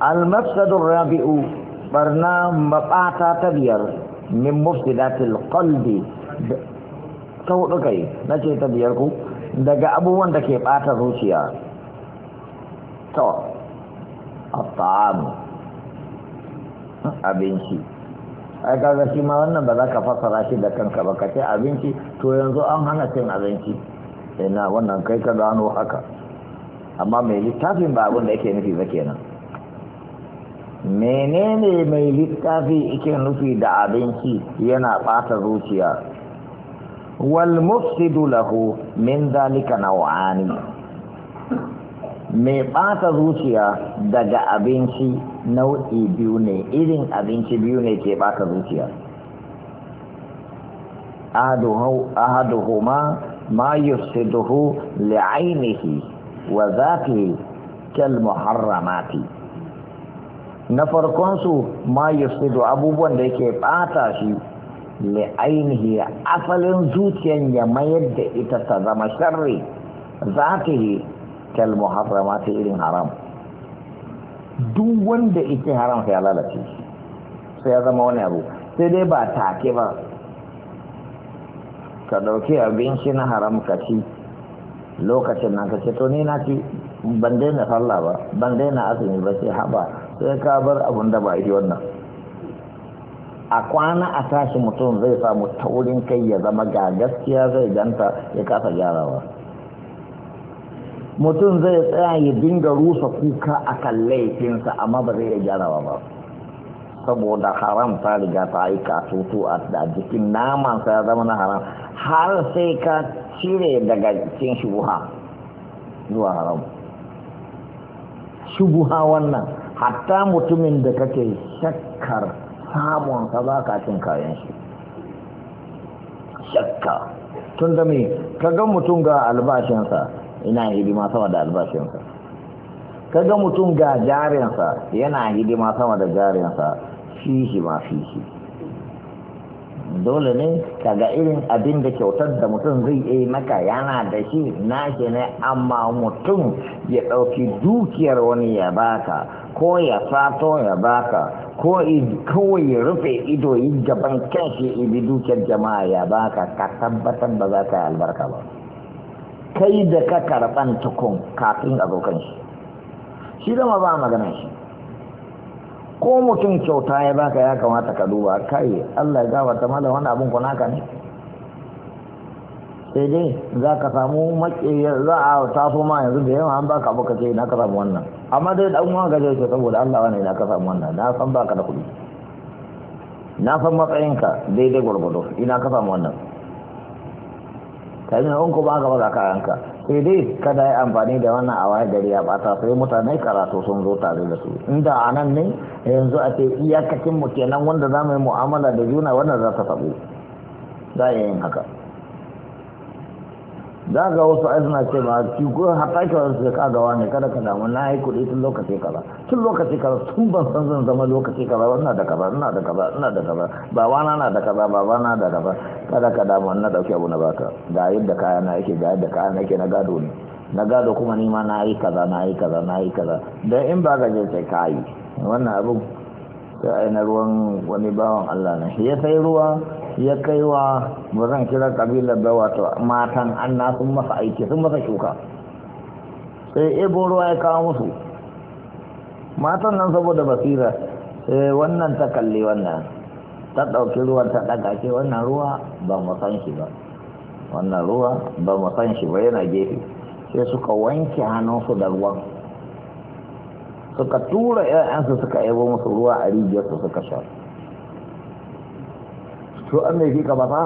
al rabi'u barna mabata ta biyar min mufsidatil qalbi ta hudu kai nace ta biyar ku daga abubuwan da ke bata zuciya to abinci ai kaga shi ma wannan ba za ka fassara shi da kanka ba ka ce abinci to yanzu an hana cin abinci ina wannan kai ka gano haka amma mai littafin ba abin da yake nufi ba kenan menene mai littafi ike nufi da abinci yana ɓata zuciya wal mufsidu lahu min zalika naw'ani mai ɓata zuciya daga abinci nau'i biyu ne irin abinci biyu ne ke ɓata zuciya ahaduhuma ma yufsiduhu li'ainihi wa zatihi kal muharramati na farkonsu ma yusidu abubuwan da yake bata shi le ainihi asalin zuciyan ya mayar da ita ta zama sharri za ta yi kal ta irin haram duk wanda ita haram sai ya lalace sai ya zama wani abu sai dai ba take ba ka ɗauki abinci na haram ka ci lokacin na ka ce to ni na ci ban daina sallah ba ban daina azumi ba sai haba sai ka bar abin da ba yi wannan a kwana a tashi mutum zai samu taurin kai ya zama ga gaskiya zai ganta ya kasa gyarawa mutum zai tsaya ya dinga rusa kuka a kan laifinsa amma ba zai iya gyarawa ba saboda haram ta riga ta aika tutu a jikin namansa ya zama na haram har sai ka cire daga cikin shubuha zuwa haram shubuha wannan hatta mutumin da kake shakkar samun ka ba ka cin kayan shi shakka tun da mai kaga mutum ga albashinsa ina hidima sama da albashinsa kaga mutum ga jarinsa yana hidima sama da jarinsa shi shi ma fi shi dole ne daga irin abin da kyautar da mutum zai yi maka yana da shi na shi ne amma mutum ya ɗauki dukiyar wani ya baka ko ya sato ya baka ko kawai ya rufe ido yi gaban kanshi ibi dukiyar jama'a ya baka ka tabbatar ba za ka yi albarka ba kai da ka karɓan tukun kafin abokan shi shi zama ba maganar shi ko mutum kyauta ya baka ya kamata ka duba kai Allah ya gafarta mala wani abin ku naka ne sai dai za ka samu maki za a tafi ma yanzu da yawa an baka abu kace na ka samu wannan amma dai dan uwan gaje ce saboda Allah wani na ka samu wannan na san baka da kudi na san matsayinka daidai gwargwado ina ka samu wannan kai ne in ko ba ka ba ka yanka sai dai kada ya amfani da wannan a wani gari a bata sai mutane karatu sun zo tare da su inda a nan ne yanzu a ce iyakacin mu kenan wanda za mu yi mu'amala da juna wannan za ta tabu za a yin haka za ga wasu ai suna ce ba ki ko hata ki wasu ka ga wani kada ka damu na yi kuɗi tun lokaci kaza tun lokaci kaza tun ban san zan zama lokaci kaza wannan da kaza ina da kaza ina da kaza ba wana na da kaza ba wana da kaza kada ka damu na dauke abu na baka ga yadda kaya na yake ga yadda kaya na yake na gado ne na gado kuma ni ma na yi kaza na yi kaza na yi kaza dan in ba ga je sai kai wannan abu sai na ruwan wani bawan Allah ne ya sai ruwa ya kai wa ba zan kira kabilar da wato matan an na sun masa aiki sun masa shuka sai ebo ruwa ya kawo musu matan nan saboda basira sai wannan ta kalli wannan ta ɗauki ruwan ta ɗaga ce wannan ruwa ba mu san shi ba wannan ruwa ba mu san shi ba yana gefe sai suka wanke hannunsu da ruwan suka tura 'ya'yansu suka ebo musu ruwa a rijiyarsu suka sha to an mai fi ba ta,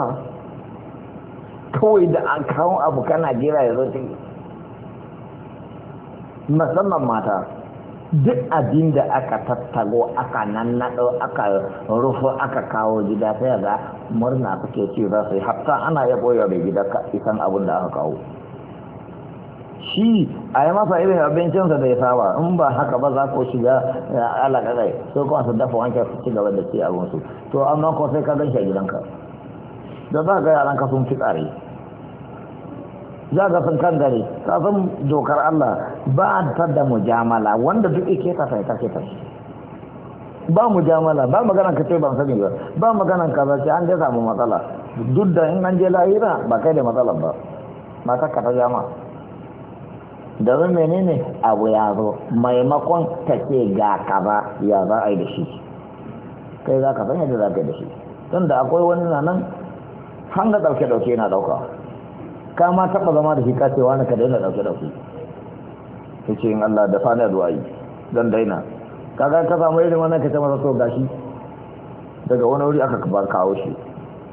kawai da an kawo abu kana jira ya zo ciki musamman mata duk abin da aka tattago aka nannaɗo aka rufe aka kawo gida sai ga murna suke ci za su yi hatta ana ya ɓoye gida isan abin da aka kawo shi a yi masa irin abincinsa da ya saba in ba haka ba za ku shiga alaƙaƙai sai kuma su dafa wanke su ci gaba da ci abinsu to amma kuma sai ka ganshi a gidanka da za ka yaran ka sun fi tsari, za ka sun kan dare ka san dokar Allah ba ta da mujamala wanda duk ike ta sai ta ta ba mujamala ba magana ka ce ban sani ba ba magana ka za ce an ga samu matsala duk da in an je lahira ba kai da matsalar ba mata ka ta jama'a domin menene abu ya zo maimakon ta ce ga kaza ya za a yi da shi kai za ka san yadda za ka yi da shi tun da akwai wani na nan hanga ɗauke ɗauke yana ɗauka ka ma taɓa zama da shi kacewa wani ka daina ɗauke ɗauke ta ce in Allah da fana da wayi don daina kaga ka samu irin wannan ka ce masa so gashi daga wani wuri aka kawo shi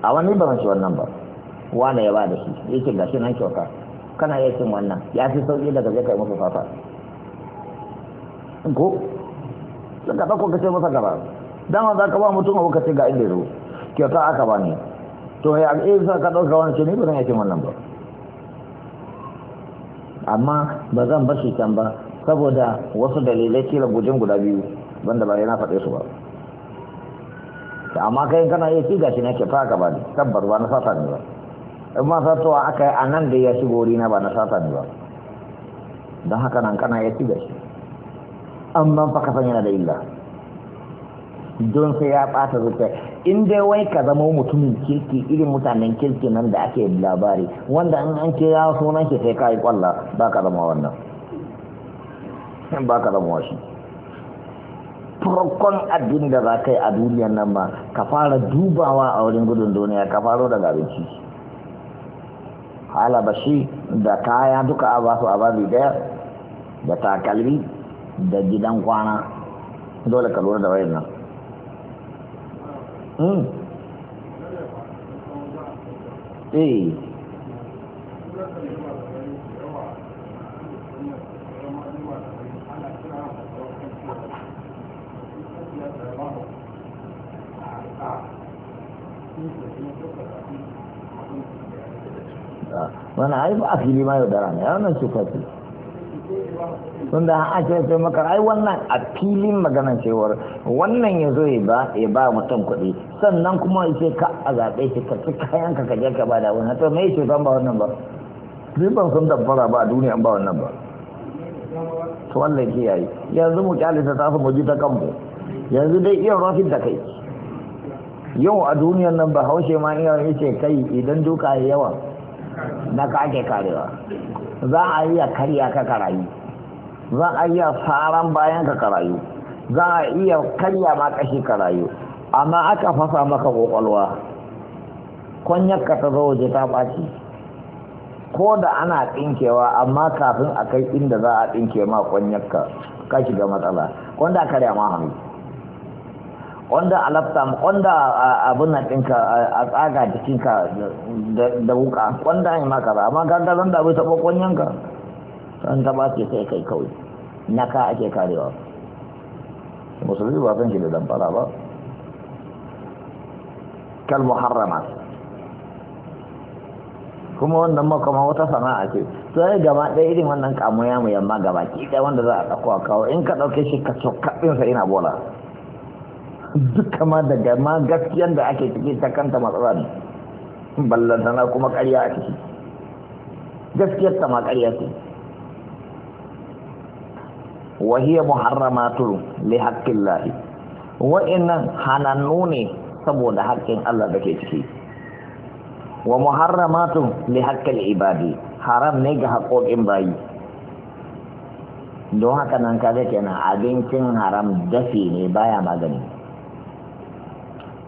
a wani ba shi wannan ba wani ya ba da shi yake gashi nan kyauta kana cin wannan ya fi sauƙi daga zai kai musu fata ko ka ɗauko ka ce masa gaba dama za ka ba mutum abu ka ce ga inda zo kyauta aka ba ne to ya iya sa ka ɗauka wani ce ne ba zan cin wannan ba amma ba zan bar shi can ba saboda wasu dalilai kila gujin guda biyu banda ba yana faɗe su ba amma kai kana iya ci gashi na kyauta aka ba ne tabbar ba na fata ne ba amma satuwa aka yi a nan da ya shigo rina ba na sata ne ba don haka nan kana ya shiga shi amma fa kasan yana da illa don sai ya bata zuciya in dai wai ka zama mutumin kirki irin mutanen kirki nan da ake labari wanda in an kira sunan shi sai kai kwalla ba ka zama wannan ba ka zama washi farkon abin da za ka yi a duniyan nan ma ka fara dubawa a wurin gudun duniya ka faro daga abinci alabashi da kaya duka a basu a babi daya da takalmi da gidan kwana dole ka lura da wayan nan hmm. eh wani haifu a fili ma yaudara ne wannan suka ce sun da an ake sai maka ai wannan a filin maganar cewar wannan ya zo ya ba mutum kuɗi sannan kuma ya ce ka a zaɓe shi ka ci kayan ka kaje ka ba da wani to me cutan ba wannan ba duk ban sun dabbara ba a duniya ba wannan ba to wannan yayi yanzu mu kyalisa ta su mu ji ta kanmu yanzu dai iya rafin da kai yau a duniyar nan ba haushe ma iya ce kai idan duka ya yawa da ka ake karewa za a iya karya ka karayu za a iya faran bayan ka karayu za a iya karya ma kashi karayu amma aka fasa maka ƙwaƙwalwa. ka ta zo waje ta ɓaci ko da ana ɗinkewa amma kafin a kai inda za a ɗinke ma kwanyar ka shiga matsala wanda karya ma hannu wanda a lafta wanda abin na ɗinka a tsaga jikinka da wuka wanda ya maka ba amma gaga zan da bai taɓa ka san taɓa ce sai kai kawai na ka ake karewa musulmi ba san shi da damfara ba kal muharrama kuma wannan makoma wata sana'a ce to ya gaba ɗaya irin wannan kamuya mu yamma gaba ki ɗaya wanda za a ɗauko a kawo in ka ɗauke shi ka sa ina bola duka ma daga ma gaskiya da ake ciki ta kanta matsala ne ballantana kuma karya a ciki gaskiyar ta ma karya ce wahiyar muharramatu li haƙƙin lahi wa'innan hananu ne saboda haƙƙin Allah da ke ciki wa muharramatu li haƙƙin ibadi haram ne ga haƙoƙin bayi don haka nan kaga kenan abincin haram dafi ne baya magani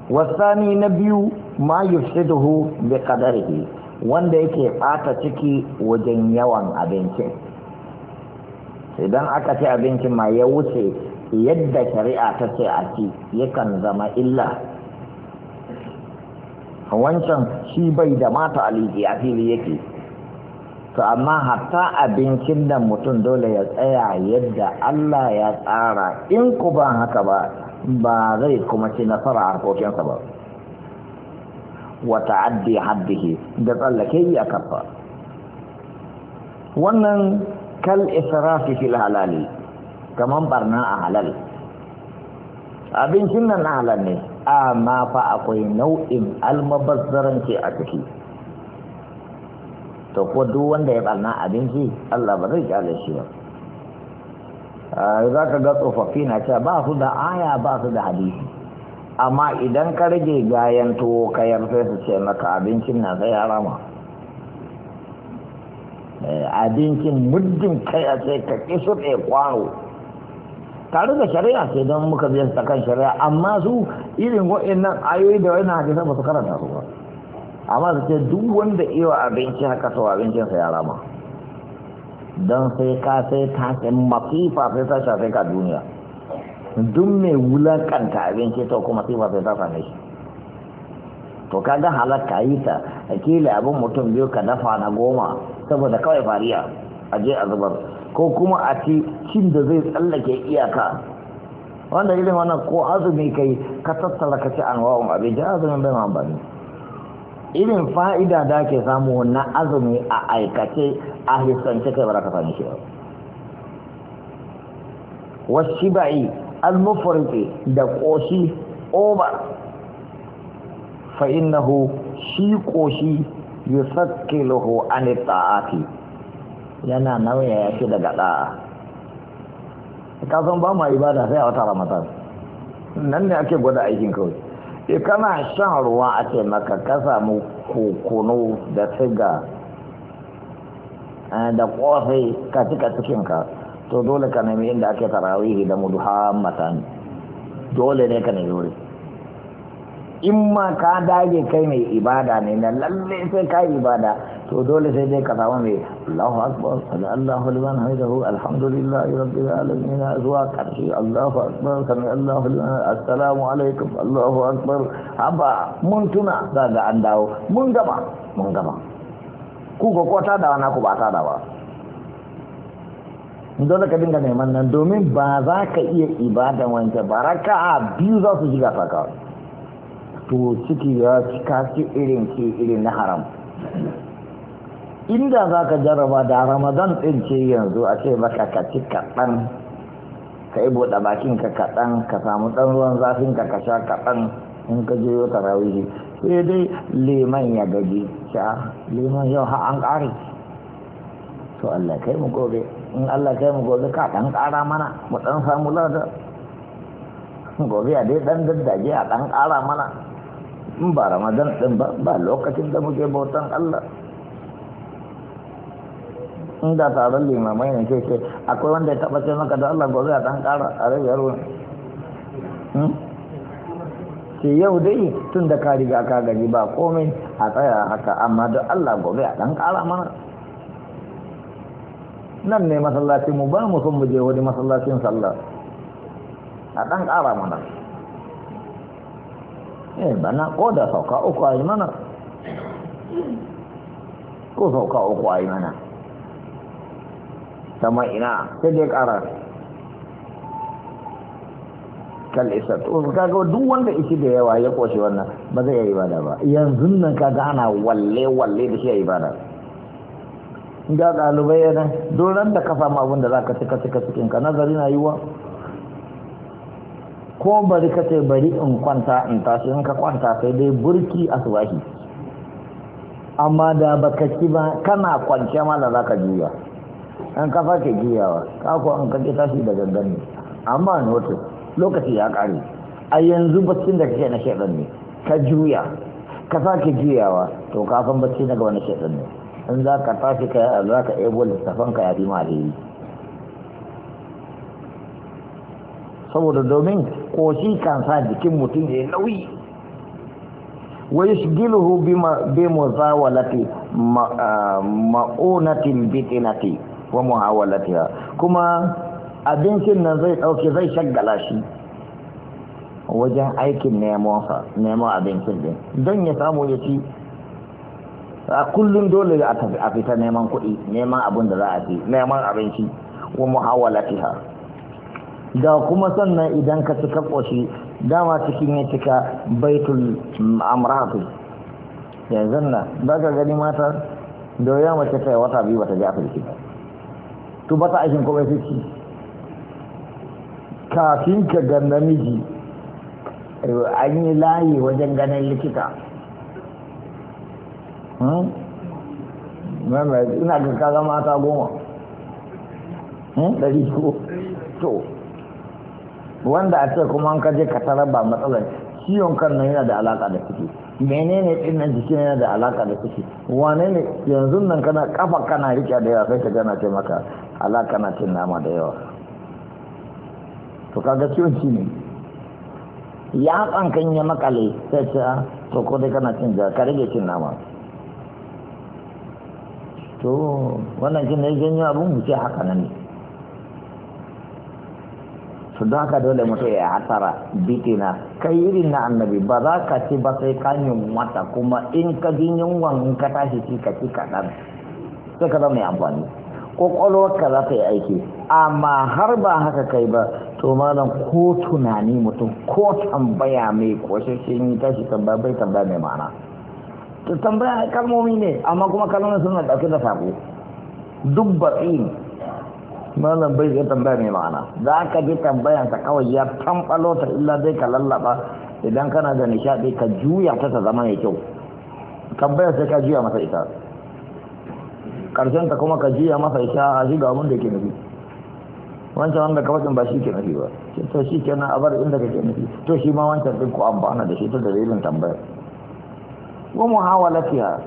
wasani na biyu ma yufsiduhu bi qadarihi wanda yake bata ciki wajen yawan abincin idan aka ci abincin ma ya wuce yadda shari'a ta ce a ci yakan zama illa wancan shi bai da mata aliki a fili yake to amma hatta abincin da mutum dole ya tsaya yadda Allah ya tsara in ku ba haka ba ba zai kuma ci nasara a harkokinsa ba wata addi haddihi da tsallake kafa. wannan kal israfi fil halali kamar barna a halal abincin nan na halal ne amma fa akwai nau'in almabazzaranci a ciki to ko duk wanda ya barna abinci Allah ba zai kyale shi ba Ah, za ka ga tsofaffi na cewa ba su da aya ba su da hadisi amma idan ka rage gayan tuwo kayar sai su ce maka abincin na sai harama eh, abincin muddin kai a ce ka ƙi su ɗaya kwano tare da shari'a sai don muka biya su kan shari'a amma su irin nan ayoyi da wani hadisan ba su karanta su ba amma su ce duk wanda iya abinci haka sau abincinsa ya rama don sai ka sai ta masifa sai ta shafe ka duniya duk mai wulakanta abinci ta, kuma masifa sai ta same shi to ga halatta yi ta a akila abin mutum biyu ka dafa na goma saboda kawai fariya a je a zubar ko kuma a ci cin da zai tsallake iyaka wanda irin wannan ko azumi kai ka tattala ka ci abin abinci azumin bai ma irin fa'ida da ke samu na azumi a aikace a hisance kai ba za ka sami shi ba wasu ba'i al-mufarki da ƙoshi over fa'innahu shi ƙoshi yusakkiluhu ta'ati yana nauya ya ce daga ɗa'a kasan ba ma ibada sai a wata ramadan nan ne ake gwada aikin kawai kana shan ruwa a ce maka ka samu kokono da siga eh, da kofai ka cika cikinka to dole ka nemi inda ake tarawihi da muduha matani dole ne ka nemi wuri in ma ka dage kai mai ibada ne na lalle sai ka ibada to dole sai dai ka samu mai Allahu akbar sami Allahu liman hamidahu alhamdulillah rabbil alamin zuwa karshe Allahu akbar sami Allahu liman assalamu alaikum Allahu akbar haba mun tuna da ga an dawo mun gama mun gama ku ko ko ta dawa na ku ba ta dawa dole ka dinga neman nan domin ba za ka iya ibada wanke baraka a biyu za su shiga saka to ciki ya ci irin ci irin na haram inda za ka jarraba da ramadan ɗin ce yanzu a ce baka ka ci kaɗan ka yi buɗe bakin ka kaɗan ka samu ɗan ruwan zafin ka ka sha kaɗan in ka je yau tarawihi sai dai liman ya gaji sha liman yau ha an ƙare to Allah kai mu gobe in Allah kai mu gobe ka ɗan ƙara mana mu ɗan samu lada gobe a dai ɗan daddaje a ɗan ƙara mana in ba ramadan ɗin ba ba lokacin da muke bautan Allah in da taron limamai ne ke ce akwai wanda ya taba ce maka da Allah gobe a ɗan ƙara a rage ruwan ce yau dai tun da ka riga ka gani ba komai a tsaya haka amma da Allah gobe a ɗan ƙara mana nan ne masallacin mu ba mu son mu je wani masallacin sallah a ɗan ƙara mana eh bana ko da sauka uku a yi mana ko sauka uku a yi mana sama ina sai dai kara kal isa to kaga duk wanda ishi da yawa ya koshi wannan ba zai yi ibada ba yanzu nan kaga ana walle walle da shi ya ibada ga ɗalibai yana nan da ka samu abin da za tuka tuka cikin ka nazari na yiwa ko bari ka ce bari in kwanta in tashi in ka kwanta sai dai burki a amma da baka ci ba kana kwance ma da za ka juya an kafa ke giyawa kafa an kake tashi da gangan amma amma notin lokaci ya kare a yanzu bacci da kake na shaɗan ne ka juya ka sake juyawa to kafan bacci na gaba na ne in za ka tashi ka za ka ebo littafan ka ya fi yi saboda domin koshi kan sa jikin mutum ya yi nauyi wa yashgiluhu bima bi muzawalati ah, ma'unatin bitinati wa muhawalatiha kuma abincin nan zai dauke zai shaggala shi wajen aikin neman abincin din don ya samu ya ci a kullum dole a fita neman kuɗi neman abin da za a fi neman abinci wa muhawalatiha da kuma sannan idan ka cika ƙoshi dama cikin ya cika baitul amrafi yanzu nan ba ka gani mata doya mace ta wata biyu ba ta ji afirki ba to ba ta aikin kuma sai ci kafin ka ga namiji an yi layi wajen ganin likita hmm? ina ga kaga mata goma ɗari hmm? ko to wanda a ce kuma an kaje ka tarar ba matsalar ciwon kan nan yana da alaƙa da ciki menene ne nan yana da alaka da ciki wane ne yanzu nan kana kafa kana rike da yawa sai ka gana ce maka alaka na cin nama da yawa to kaga ciwon shi ne ya tsankan ya makale sai ce ah, to ko dai kana cin ja ka rage cin nama to wannan kin ne janyo abun mu ce haka nan ne to don haka dole mutum ya hasara bitina kai irin na annabi ba za ka ci ba sai ka mata kuma in ka ji yunwan in ka tashi ci ka ci kaɗan sai ka zama mai amfani ka za ta yi aiki amma har ba haka kai ba to malam ko tunani mutum ko tambaya mai koshashin yi tashi tambaya bai tambaya mai ma'ana to tambaya kalmomi ne amma kuma kalmomin suna ɗauke da sako duk batsi malam bai zai tambaya mai ma'ana za ka ji tambayansa kawai ya tambalo ta illa zai ka lallaba idan kana da nishaɗi ka juya ta ta zama mai kyau tambayar sai ka juya masa ita karshen ta kuma ka juya masa ita a shiga abin da ke nufi wancan wanda ka wajen ba shi ke nufi ba to shi kenan a bar inda kake nufi to shi ma wancan ɗin ku amfana da shi ta dalilin tambayar wa lafiya.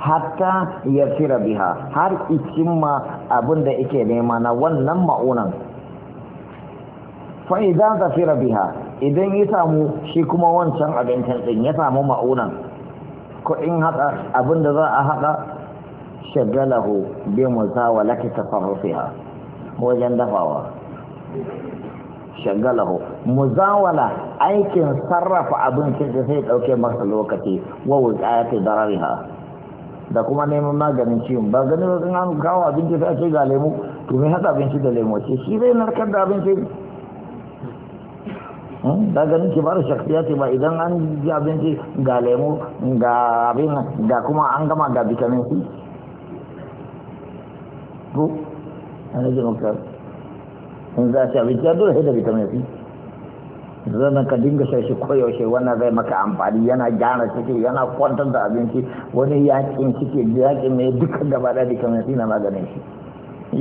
hatta ya fira biha har ikimma abin da yake nema na wannan ma'unan fa'iza ta fira biha idan ya samu shi kuma wancan abincin din ya samu ma'unan kuɗin haɗa abin da za a shagalahu bi musawalati tasarrufiha wajen dafawa shagalahu muzawala aikin sarrafa abincin da sai dauke masa lokaci wa wuqayati darariha da kuma neman maganin ciwon ba gani sun an kawo abinci ta ce ga lemu to me haɗa abinci da lemu ce shi zai narkar da abinci hmm? da ganin ki bada shakfiya ce ba idan an ji abinci ga lemu ga abin ga kuma an gama ga vitamin c ko an yi in za a ci abinci ya dole da vitamin c zan ka dinga shi koyaushe wannan zai maka amfani yana gyara ciki yana kwantar da abinci wani yakin ciki yakin mai duka gaba da vitamin C na maganin shi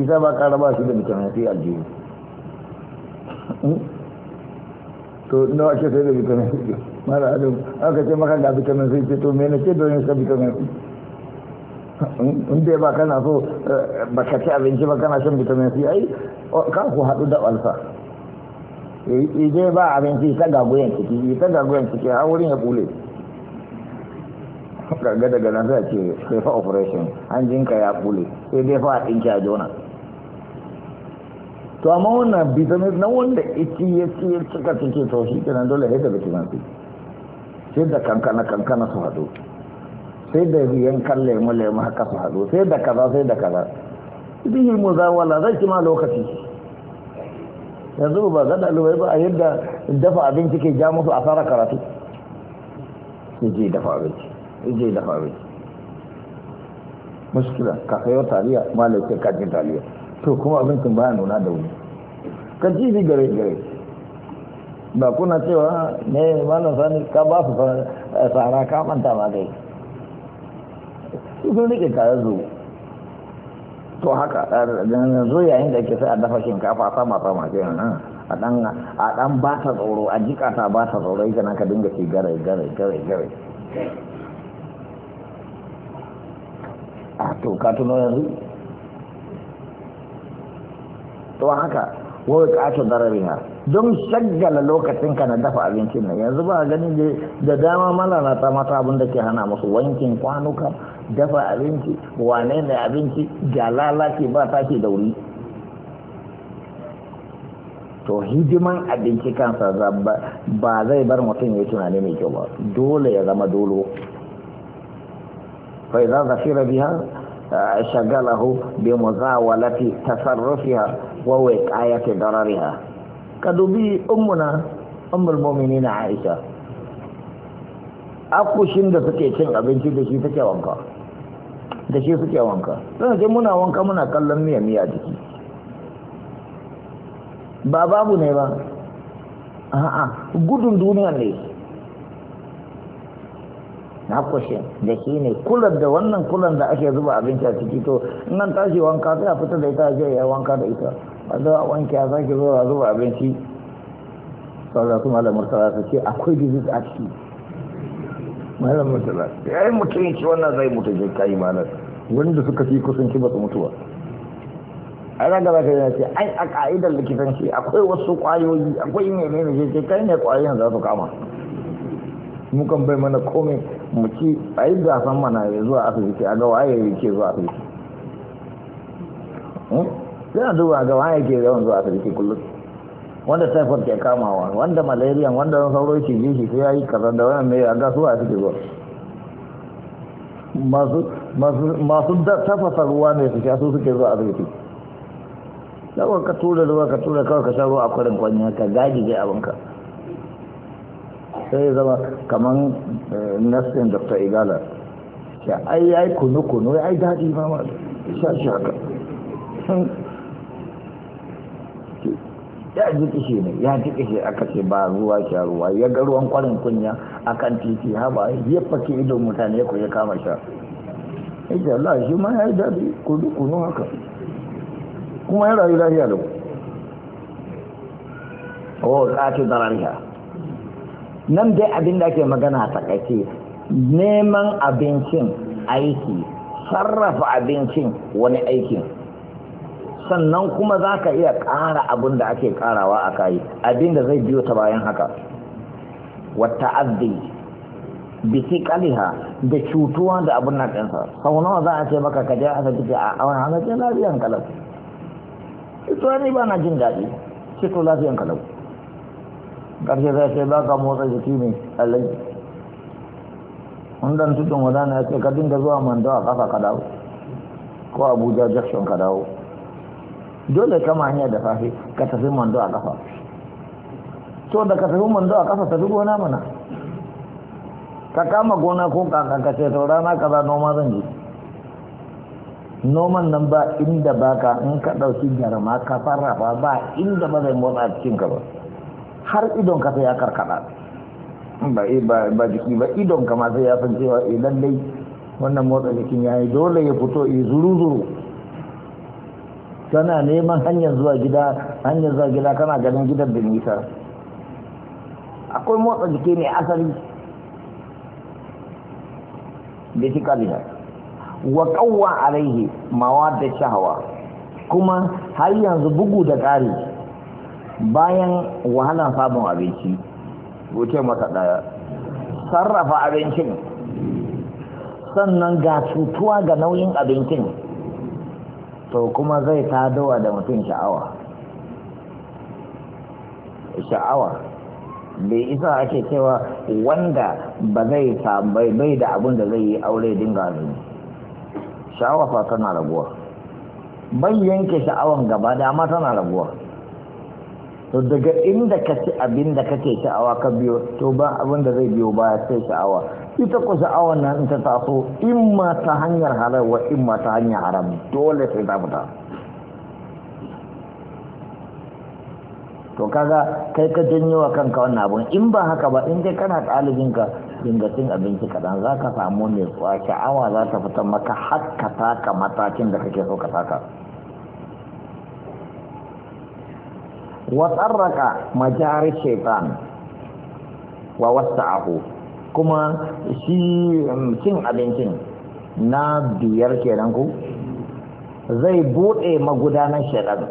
isa ba ka raba shi da vitamin C aljihu hmm? to na ce sai da vitamin C mara adam aka ce maka ga vitamin C ce to me na ce domin sa vitamin C hmm? in dai ba kana so eh, ba ka ci abinci ba kana shan vitamin C ai ka ku haɗu da alfa ije ba abinci ta gagoyan ciki ta gagoyan ciki a wurin ya bule kaga daga nan za ce sai fa operation an jinka ya bule sai dai fa a ki a jona to amma wannan bitamin na wanda iki ya ci ya cika cike to shi kenan dole sai da bitamin C sai da kankana kankana su haɗu sai da mu lemu lemu haka su haɗu sai da kaza sai da kaza za wala zai ci ma lokaci yanzu ba zan dalibai ba a yadda dafa abinci ke ja musu a fara karatu je dafa abinci je dafa abinci muskila ka sayo taliya malai ce ka jin taliya to kuma abincin baya nuna da wuni ka ji bi gare gare ba kuna cewa ne malam sani ka ba su eh, sara ka manta ma dai su sun rike kayan zuwa to haka yanzu yayin da ke sai a dafa shinkafa a sama sama ke nan a dan a dan ba ta tsoro a jika ta ba ta tsoro ita ka dinga ci gare gare gare gare a to ka tuno yanzu to haka wai ka ta darabiha don shaggala lokacin ka na dafa abincin nan yanzu ba gani da dama malalata mata abin da ke hana musu wankin kwanuka dafa abinci wane ne abinci ga lalace ba ke da wuri to hidiman abinci kansa ba zai bar mutum ya tunani mai kyau ba dole ya zama dolo fa idza zafira biha shagalahu bi muzawalati tasarrufiha wa wiqayati darariha ka dubi ummuna ummul mu'minin Aisha akushin da suke cin abinci da shi take wanka da shi suke wanka sai je muna wanka muna kallon miya miya jiki ba babu ne ba a'a gudun duniya ne na kushin da shi ne kulan da wannan kulan da ake zuba abinci a ciki to in an tashi wanka sai a fita da ita je ya wanka da ita a a wanke a sake zo a zuba abinci sallah kuma da murtala su ce akwai jizis a ciki malam murtala ya yi mutum ci wannan zai mutu je kayi malam wanda suka fi kusanci ba su mutuwa a yana za ka yana ce ai a ka'idar likitanci akwai wasu kwayoyi akwai mene ne ce kai ne kwayoyin za su kama mukan bai mana komai mu ci a yi gasan mana ya zuwa asibiti a ga waye ya ke zuwa asibiti hmm? yana zuwa ga wani ke yawan zuwa asibiti kullum wanda typhoid ke kamawa wanda malaria wanda sauro ke jishi sai yayi kaza da wannan mai aga suwa suke zuwa masu masu masu da tafasa ruwa ne su sha su suke zuwa asibiti kawai ka tura ruwa ka tura kawai ka sha ruwa a kwarin kwanya ka gaji dai abinka sai zama kaman eh, nasin dr igala ya ai ai kunu kunu ai daɗi ma ma sha shi haka hmm. ya ji kishi ne ya ji kishi aka ce ba ruwa sha ruwa ya ga ruwan kwarin kunya akan titi ha ba ya fake idon mutane ko ya kama sha ita Allah shi ma ya daɗi ku kunu haka kuma ya rayu lafiya oh, da ku oh tsati ya nan dai abin da ake magana a takaice neman abincin aiki sarrafa abincin wani aikin sannan kuma za ka iya ƙara abin da ake ƙarawa a kayi abin da zai biyo ta bayan haka wata addi biki ƙaliha da cutuwa da abin nan ɗinsa sau nawa za a ce maka ka je asibiti a wani hannun ce lafiyan kalau ito ne ba na jin daɗi ce to lafiyan kalau ƙarshe zai ce ba ka motsa jiki ne allai wannan tutun wadana ya ce ka dinga zuwa mandawa ƙasa ka dawo ko abuja jackson ka dawo dole kama hanya da safe ka tafi mando a kafa to da ka tafi mando a kafa tafi gona mana ka kama gona ko kankan ka ce sau rana kaza noma zan je noman nan ba inda ka in ka ɗauki jarama ka farrafa ba inda ba zai motsa cikin ka ba har idon ka sai ya karkada ba ba jiki ba idon ka ma sai ya san cewa idan eh dai wannan motsa jikin ya yi dole ya fito ya zuru zuru kana neman hanyar zuwa gida hanyar zuwa gida kana ganin gidan da nisa akwai motsa jiki ne asali basically wa alaihe Mawa da shahwa kuma har yanzu bugu da ƙari bayan wahalar samun abinci wuce mata ɗaya sarrafa abincin sannan ga cutuwa ga nauyin abincin to kuma zai tadowa da mutum sha'awa sha'awa bai isa ake cewa wanda ba zai bai bai da abin da zai yi aure dinga azumi sha'awa fa tana raguwa bai yanke sha'awan gaba da amma tana raguwa to daga inda ka ci abin da kake sha'awa ka biyo to ba abin da zai biyo baya sai sha'awa ita ku sha'awar nan ta taso in ma ta hanyar wa in ma ta hanyar haram dole sai ta fita to kaga kai ka janyo wa kanka wannan abun in ba haka ba in dai kana ɗalibin ka dinga cin abinci kaɗan za ka samu ne tsuwa sha'awa za ta fita maka har taka matakin da kake so ka taka wa tsarraka majari shaitan wa wasa'ahu kuma shi um, cin abincin na biyar kenan ku zai buɗe magudanar shaɗan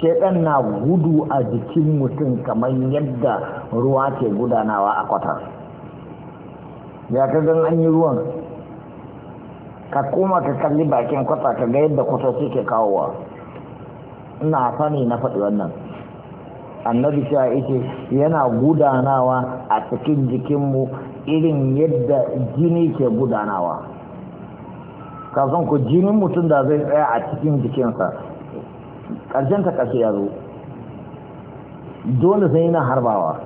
shaɗan na gudu a jikin mutum kamar yadda ruwa ke gudanawa a kwatar ya ka an yi ruwan ka koma ka kalli bakin kwata ka ga yadda kwata suke kawowa ina sani na faɗi wannan annabi sha ita yana gudanawa a cikin jikinmu irin yadda jini ke gudanawa kasan ku jinin mutum da zai tsaya a cikin jikinsa ƙarshen ta ƙarshe ya zo dole sai na harbawa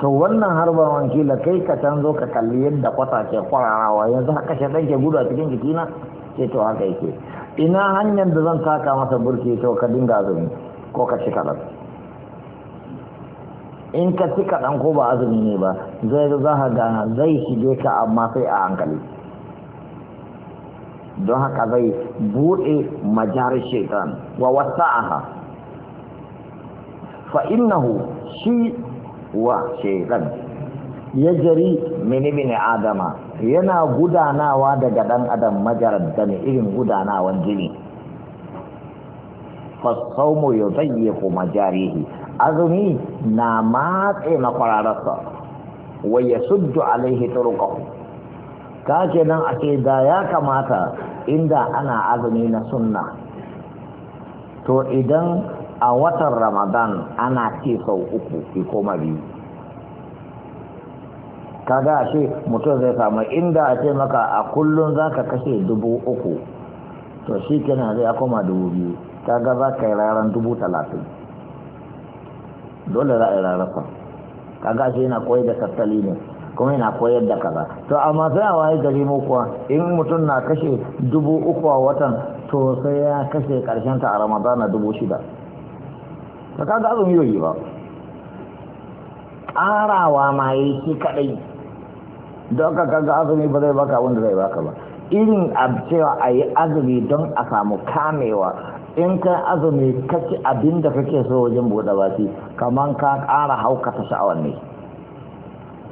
to wannan harbawan kila kai ka canzo ka kalli yadda kwata ke kwararawa yanzu haka shi ɗan ke gudu a cikin jikina ce to haka yake ina hanyar da zan taka masa burki to ka dinga zumi ko ka ci kalas in ka ci kaɗan ko ba azumi ne ba zai za ka gana zai shige ka amma sai a hankali don haka zai buɗe majalar shaitan wa wasa'aha fa innahu shi wa shaitan ya jari mini adama yana gudanawa daga ɗan adam majarar ne irin gudanawan jini fasaumu ya koma majarihi azumi na matse makwararsa wa ya suddu alaihi Ta ka nan a ce da ya kamata inda ana azumi na sunna to idan a watan ramadan ana ce sau uku ki koma biyu kaga ashe mutum zai samu inda a ce maka a kullum za ka kashe dubu uku to shi kenan zai koma dubu biyu kaga za ka yi raran dubu talatin dole za a yi rarrafa kaga shi yana koyar da tattali ne kuma yana koyar da kaza to amma sai a waye gari mu kuwa in mutum na kashe dubu uku a watan to sai ya kashe karshen ta a ramadana dubu shida ta kaga azumi yoyi ba ƙarawa ma yi shi kaɗai don ka kaga azumi ba zai baka wanda zai baka ba irin a cewa a yi azumi don a samu kamewa in ka azumi ka ci abin da kake so wajen buɗe baki kamar ka ƙara haukata sha'awar ne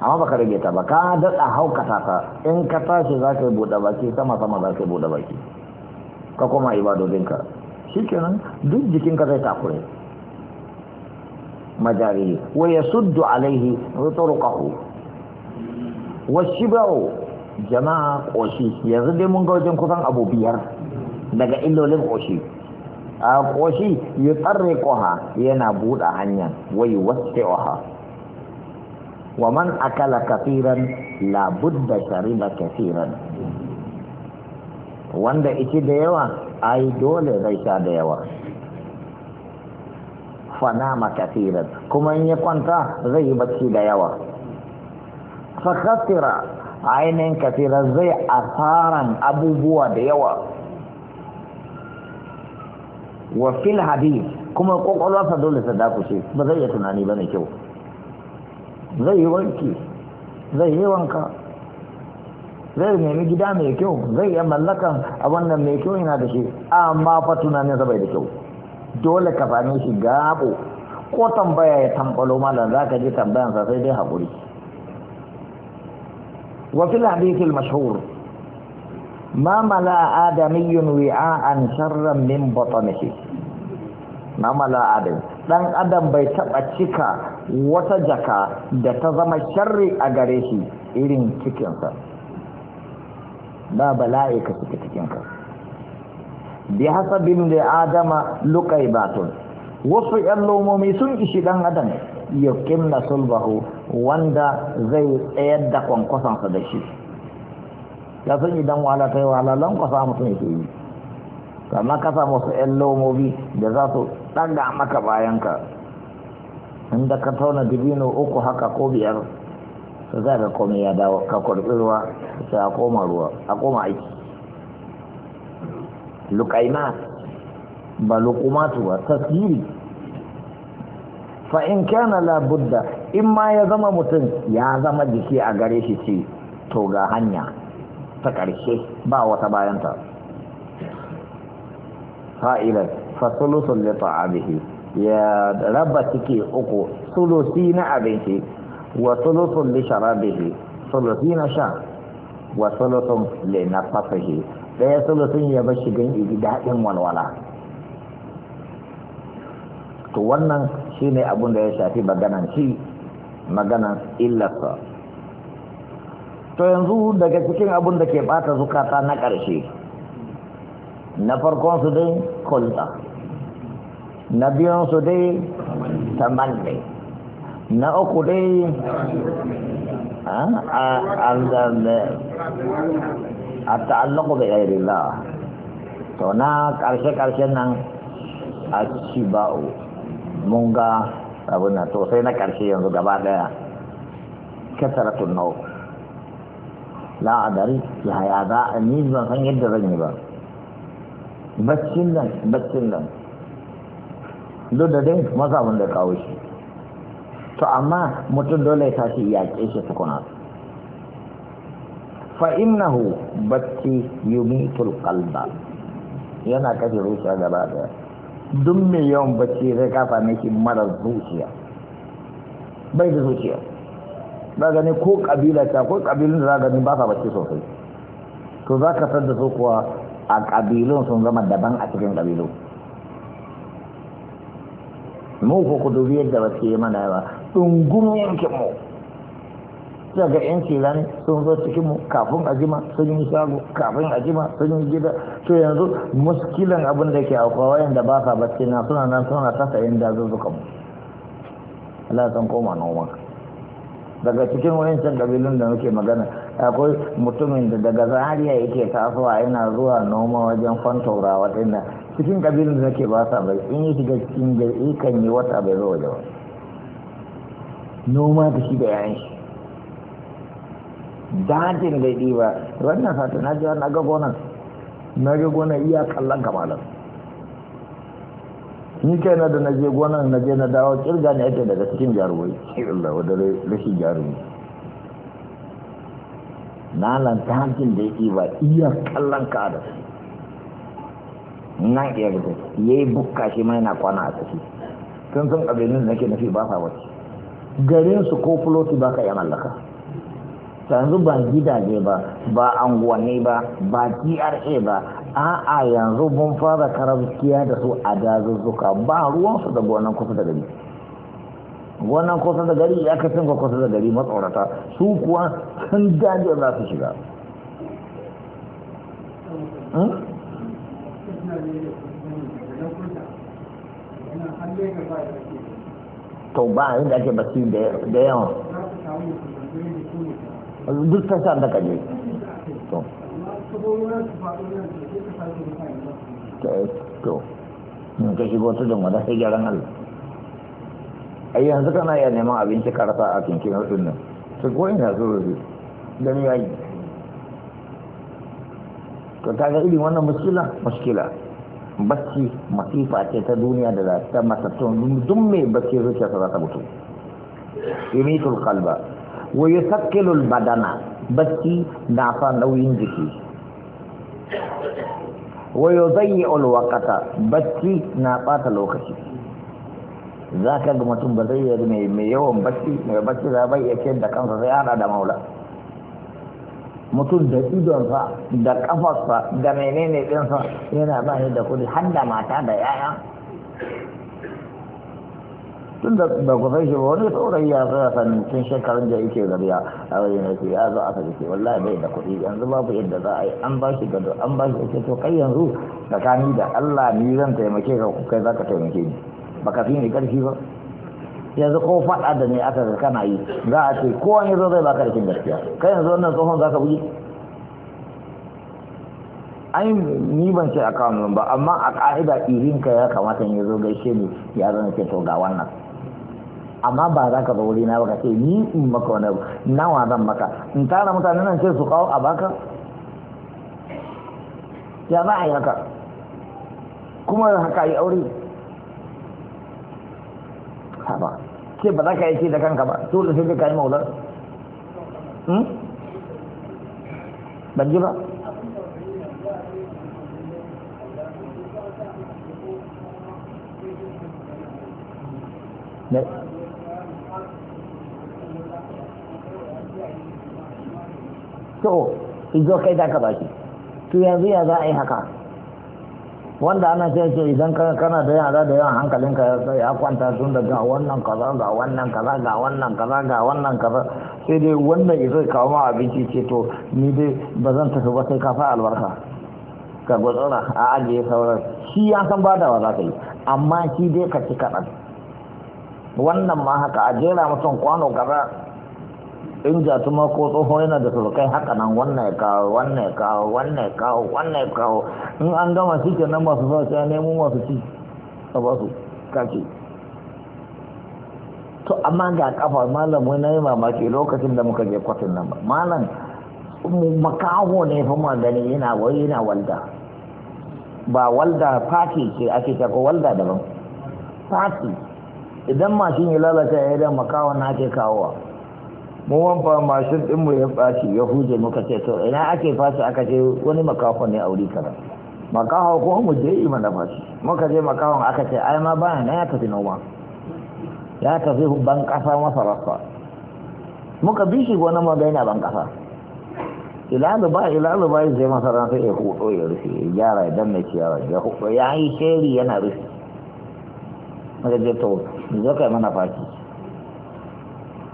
amma baka rage ta ba ka daɗa haukata ta in ka tashi za ka yi buɗe baki sama sama za ka yi buɗe baki ka koma ka. shi nan duk jikin ka zai takure majarihi wa ya suddu alaihi turuqahu wa shibau jama'a ƙoshi. yanzu dai mun ga wajen kusan abu biyar daga illolin ƙoshi. a koshi yi tsarri koha yana buɗe hanyar wai wasu oha wa man akala kafiran da shariba kafiran wanda ici da yawa a yi dole zai sha da yawa fanama kafiran kuma in ya kwanta zai yi bacci da yawa kafira ainihin kafiran zai asaran abubuwa da yawa wa fil hadith kuma sa dole ta dakushe ba zai iya tunani ba mai kyau zai yi wanki zai yi wanka zai nemi gida mai kyau zai iya mallakan a wannan mai kyau yana da shi amma fa tunanin bai da kyau dole ka fane shi gabo ko tambaya ya tambalo malam za ka je sa sai dai hakuri wa fil hadith al mashhur ma mala adamiyun wi'a'an sharran min batnihi ma mala adam dan adam bai taba cika wata jaka da ta zama sharri a gare shi irin cikinsa ba bala'i ka cika cikinka bi hasabin da adama lukai batun wasu yan lomomi sun ishi dan adam yakin na sulbahu wanda zai tsayar da kwankwasansa da shi ya san idan wahala ta yi wahala lankwasa sun yake yi kama ka samu su yan lomobi da za su ɗaga maka ka. inda ka tauna dubino uku haka ko biyar su za ka komai ya dawo ka kurɓi ruwa sai a koma ruwa a koma aiki lukaina ba lukumatu ba tasiri fain in kana labudda in ma ya zama mutum ya zama jiki a gare shi ce to ga hanya ta ƙarshe ba wata bayanta fa'ilar fasulusun da abihi ya raba ciki uku sulusi na abinci wa sulusun da sharabihi sulusi na sha wa sulusun da na fasahi ɗaya sulusun ya shi gan igi daɗin walwala to wannan shi abin da ya shafi maganan shi maganan illasa to yanzu daga cikin abin da ke bata zukata na ƙarshe na farkon su dai kulta na biyan su dai tamanne na uku dai ah, a ta'allaku da ƙairila to na ƙarshe ƙarshe nan a ci ba'u munga abin na to sai na ƙarshe yanzu gaba daya kasaratun nau'u la'adari ya ya za a ni ban san yadda zan yi ba baccin nan baccin nan duk da dai maza mun da kawo shi to amma mutum dole ya tashi ya ke shi tukuna fa innahu bacci yumitul qalba yana kashe zuciya gaba daya duk mai yawan bacci zai kafa miki marar zuciya bai da zuciya za gani ko kabila ta ko kabilun da za gani ba sa bacci sosai to za ka da su kuwa a kabilun sun zama daban a cikin kabilu mu ko ku dubi yadda ba ke mana ba dungun yankin mu daga yan kilani sun zo cikin mu kafin ajima sun yi shago kafin ajima sun yi gida to yanzu muskilan abin da ke akwai wayanda ba sa bacci na suna nan suna tasa da zuzuka mu Allah san koma noma daga cikin wayancin ƙabilun da muke magana akwai mutumin da daga zariya yake tasowa yana zuwa noma wajen fantaura waɗanda cikin ƙabilun da ke ba sa bai in yi shiga cikin jirgi kan yi wata bai zo waje ba noma da shi da yayin shi dajin da ɗiba wannan satin na ji wani ga na ga iya kallon kamalansu ni kai na da naje gonan naje na dawo kirga ne ake daga cikin jarumai Allah wa dare rashin jarumi na ta hankin da yake ba iya kallon ka da nan iya gaba yi bukka shi mai na kwana a ciki sun san abinin da nake nafi ba sa wace garin su ko fuloti ba ka yi mallaka yanzu ba gidaje ba ba anguwanni ba ba gra ba a'a yanzu mun fara karabciya da su a dazuzzuka ba ruwansu da gonan kusa da gari gonan kusa da gari ya kasan ka kusa da gari matsaurata su kuwa sun daji za su shiga hmm? to ba yin da ake basi da yawan duk ta da kaje to in ka shigo tudun wadda sai gyaran Allah ai yanzu kana iya neman abinci karasa a kinkin hudun nan su ko ina so su don ya yi Ka ta ga irin wannan muskila muskila bacci masifa ce ta duniya da za ta masattun duk mai bacci zuciya ta za ta mutu yumitul qalba wa yusakkilu badana bacci na sa nauyin jiki wayo zai ulwakata bacci na bata lokaci za ga mutum ba zai yi mai yawan bacci mai bacci za bai yake da kansa sai hada da maula mutum da idonsa da kafarsa da menene ɗinsa yana ba da kudi har da mata da yaya tun da ba ku san shi ba wani saurayi ya tsaya sanin tun shekarun da yake gariya a wajen ce ya zo aka jike wallahi bai da kuɗi yanzu babu yadda za a yi an ba shi gado an ba shi ake to kai yanzu tsakani da Allah ni zan taimake ka kai za ka taimake ni ba ka fi ni ƙarfi ba yanzu ko faɗa da ne aka kana yi za a ce ko wani zo zai ka da kin gaskiya kai yanzu wannan tsohon za ka buge ai ni ban ce a kawo ba amma a irin irinka ya kamata ya zo gaishe ni ya zana ke to ga wannan amma ba za ka zo wuri na ba ka ce ni in maka wani abu nawa zan maka in tara mutane nan sai su kawo a baka ya za a yi haka kuma haka yi aure haba ce ba za ka yi ce da kanka ba da sai ka yi maular hmm? ban ji ba Nope. to izo kai da ka baki to yanzu ya za a yi haka wanda ana ce ce idan kana da yara da yawan hankalinka ya kwanta sun da ga wannan kaza ga wannan kaza ga wannan kaza ga wannan kaza sai dai wannan izo kawo ma abinci ce to ni dai ba zan tafi ba sai ka fa albarka ka gwatsura a ajiye sauran shi ya san badawa za ka yi amma shi dai ka ci kaɗan wannan ma haka a jera mutum kwano kaza in tuma ko tsoho yana da surukai haka nan wannan ya kawo wannan ya kawo wannan ya kawo wannan ya kawo in an gama shi ke nan masu sa a nemo masu ci a ba su kake to amma ga kafa malam na yi mamaki lokacin da muka je kwatin nan ba malam makaho ne fa magani yana wai yana walda ba walda fati ce ake ta walda daban fati idan mashin ya lalata ya yi da makaho na ake kawowa mu wanfa mashin ɗinmu ya fashi ya huje muka ce to ina ake fashi aka ce wani makaho ne a wuri kaza makaho ko mu je yi mana fashi muka je makahon aka ce ai ma bana na ya tafi noma ya tafi ban kasa masa rasa muka bi shi gona ma ga yana ban kasa ilalu ba ilalu ba zai masa ran sai ya hudo ya rufe ya gyara ya danna ciyara ya hudo ya yi sheri yana rufe muka je to mu zo kai mana fashi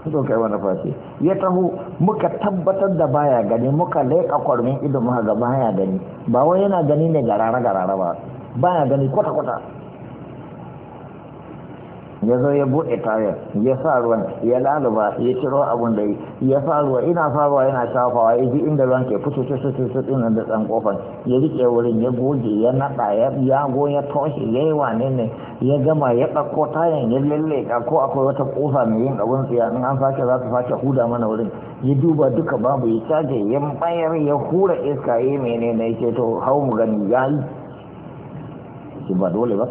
suka kai wani fashe ya taho muka tabbatar da baya gani muka leƙa kwarmin ido muka ga baya gani ba wai yana gani ne garara garara ba baya gani kwata kwata ya zo ya buɗe tayar ya sa ruwan ya laluba ya ciro abun da ya sa ruwa ina sawa yana shafawa ya ji inda ruwan ke fito su su su da tsan kofar ya rike wurin ya goge ya naɗa ya yago ya toshe ya yi wane ne ya gama ya ɗauko tayan ya lalle ko akwai wata ƙofa mai yin abun tsiya in an sake za su sake huda mana wurin ya duba duka babu ya caje ya bayar ya hura iska ya menene ya ce to hau mu gani ya yi ba dole ba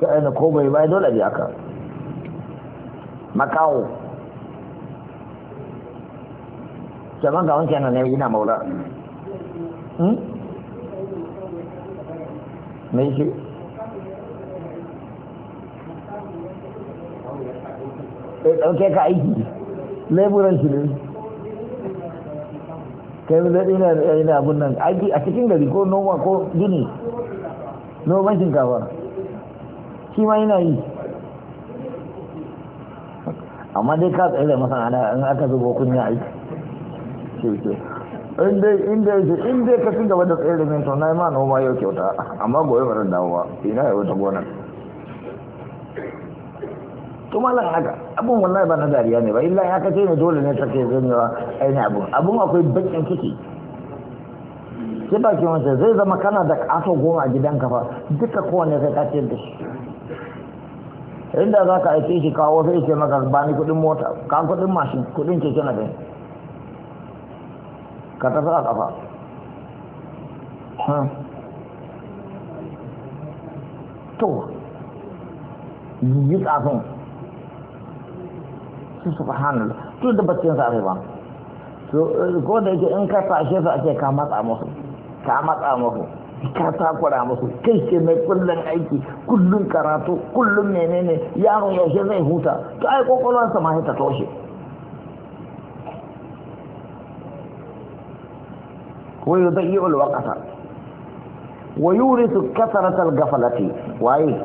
shi aina ko bai bai dole bi aka makawo jaman ga wancan ne ina maula hmm? me shi eh, sai ɗauke ka aiki leburan shi ne kai mu ina ina abun nan aiki a cikin gari ko noma ko gini noman shinkafa shi ma yana yi amma dai ka tsaye da ana an aka zuba kunya aiki ce ce inda inda yake inda ka ci gaba da tsaye da minto na ma yau kyauta amma gobe barin dawowa ina yau ta gonar kuma lan haka abun wallahi ba na dariya ne ba illa ya kace ne dole ne take zanyawa aini abun abun akwai bakin ciki sai bakin wance zai zama kana da kaso goma a gidanka fa duka kowane zai ka da shi inda za ka aike shi kawo sai ce maka ba ni kudin mota ka kudin mashin kudin keke na kai ka ta a kafa hmm. to yi tsafin su subhanallah to da bacin sa ba ko da yake in ka sashe su ake ka matsa musu ka matsa musu ka takura musu kai mai kullum aiki kullum karatu kullum menene yaron yaushe zai huta to ai kwakwalwansa ma ta toshe wa yudayyi'u alwaqta wa su kasaratar gafalati waye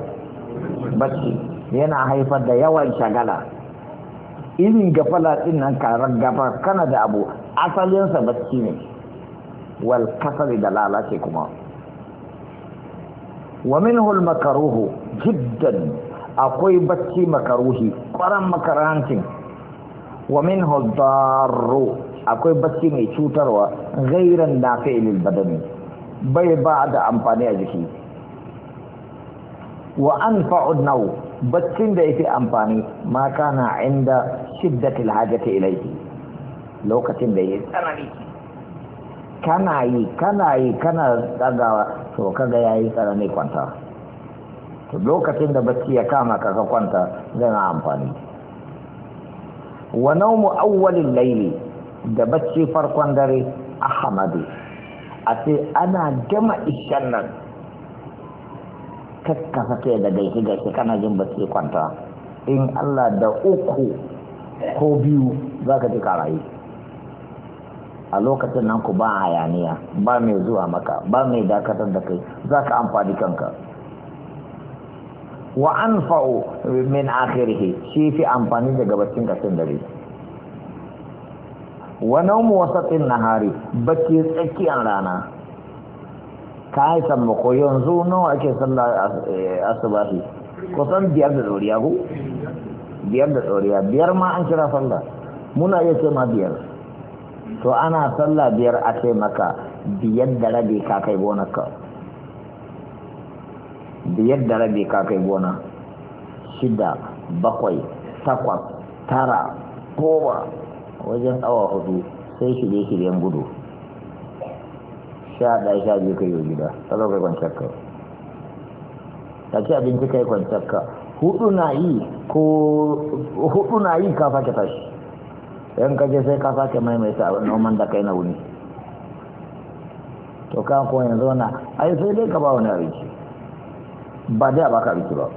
bacci yana haifar da yawan shagala irin gafala din nan karar gaba kana da abu asalinsa bacci ne wal kasali da lalace kuma wa minhul makaruhu jiddan akwai bacci makaruhi ƙwaran makarantin wa minhul darro akwai bacci mai cutarwa gairan na fa'ilil badani bai ba da amfani a jiki wa an nau baccin da fi amfani ma kana inda shiddatil hajati laifi. lokacin da yake tsanani kana yi kana yi kana dagawa. to kaga yayi tsarane kwanta to lokacin da bacci ya kama kaga kwanta zai na amfani wa nawmu awwalil layli da bacci farkon dare ahmadu a ce ana gama ishan nan kakka sake da gaishe gaishe kana jin bacci kwanta in Allah da uku ko biyu za zaka ji karayi a lokacin nan ku ba hayaniya ba mai zuwa maka ba mai dakatar da kai za ka amfani kanka wa an fa'o min akhirihi shi fi amfani da gabacin kasin dare wa naumu wasatin nahari bacci tsakiyar rana ka yi sammako yanzu nawa ake sallah eh, asubahi kusan biyar da tsoriya ku biyar da tsoriya biyar ma an kira sallah muna iya ce ma biyar to ana sallah biyar a ce maka biyar da rabi ka kai gonarka biyar da rabi ka kai gona shida bakwai takwas tara goma wajen awa hudu sai shirye-shiryen gudu sha ɗaya sha biyu ka yi gida ta kai kwanciyar ka ta ce abinci kai kwanciyar ka hudu na yi ko hudu na yi ka fake tashi yan kaje sai ka sake maimaita abin noman da kai na wuni to ka ko yanzu na ai sai dai ka ba wani abinci ba dai ba ka abinci ba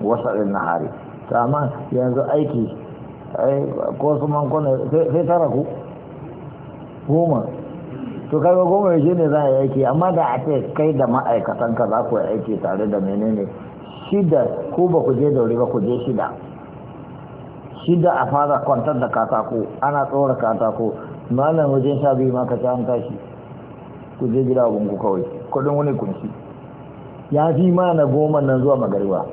wasaɗin na hari amma yanzu aiki ko su mankuna sai tara ku goma to kaga goma yaushe ne za a yi aiki amma da a ce kai da ma'aikatanka za ku yi aiki tare da menene shida ko ba ku je da wuri ba ku je shida da a fara kwantar da katako ana tsora katako malam wajen sha biyu ma ka ci an tashi ku je gida a ku kawai kudin wani kunshi ya fi ma na goma nan zuwa magariba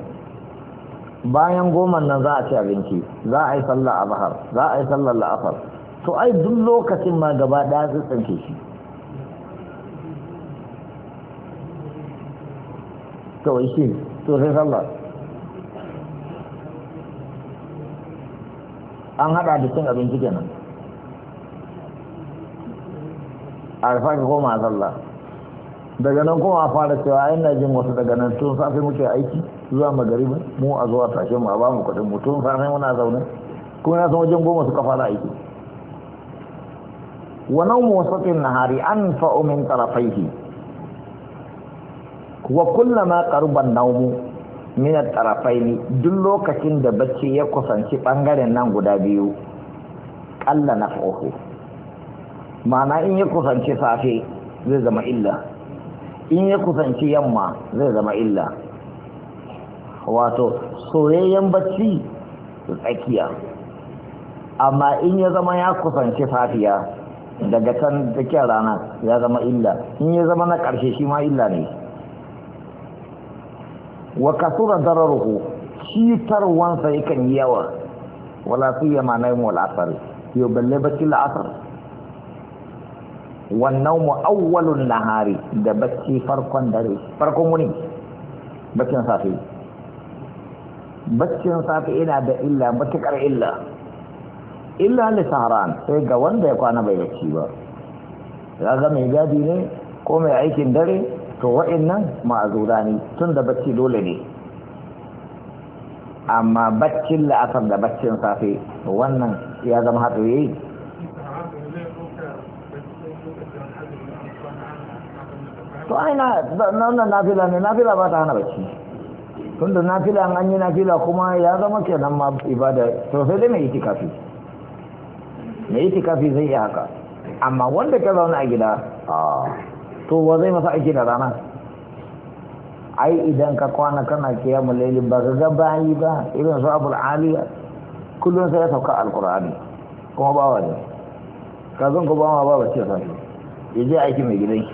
bayan goma nan za a ci abinci za a yi sallah a bahar za a yi sallah la'afar to ai duk lokacin ma gaba ɗaya zai tsanke shi kawai shi to sai sallah an hada da cin abinci kenan alfa ko koma zalla daga nan kuma a fara cewa na jin wasu daga nan tun safe muke aiki zuwa magariba mu a zuwa tashe mu a ba mu kudin mu tun safe muna zaune kuma na san wajen goma suka fara aiki wa na hari an fa'o min tarafaihi wa kullama qaruba an-nawmu minar ne duk lokacin da bacci ya kusanci ɓangaren nan guda biyu ƙalla na ƙoho mana in ya kusanci safe zai zama illa in ya kusanci yamma zai zama illa wato soyayyen bacci tsakiya amma in ya zama ya kusanci safiya daga can tsakiyar rana ya zama illa in ya zama na ƙarshe shi ma illa ne wa kasura dararuhu cutarwansa yakan yi yawa wala su yama na yin wal'asar yau balle bacci la'asar wannan mu awwalun nahari da bacci farkon dare farkon wuni baccin safe baccin safe ina da illa matuƙar illa illa li saharan sai ga wanda ya kwana bai bacci ba ya zama mai gadi ne ko mai aikin dare to wa'annan ma'azura ne tun da bacci dole ne amma baccin la'asar da baccin safe wannan ya zama yi to aina wannan nafila ne nafila ba ta hana bacci tun da nafila an yi nafila kuma ya zama kenan ma ibada to sai dai mai kafi, mai kafi zai yi haka amma wanda ka zauna a gida a ah, to wa zai masa aiki da rana ai idan ka kwana kana kiyamu laili ba ka ga bayi ba irin su abul aliya kullum sai ya sauka alkur'ani kuma ba wa ne ka zan ku ba ma ba bace sa ya je aiki mai gidan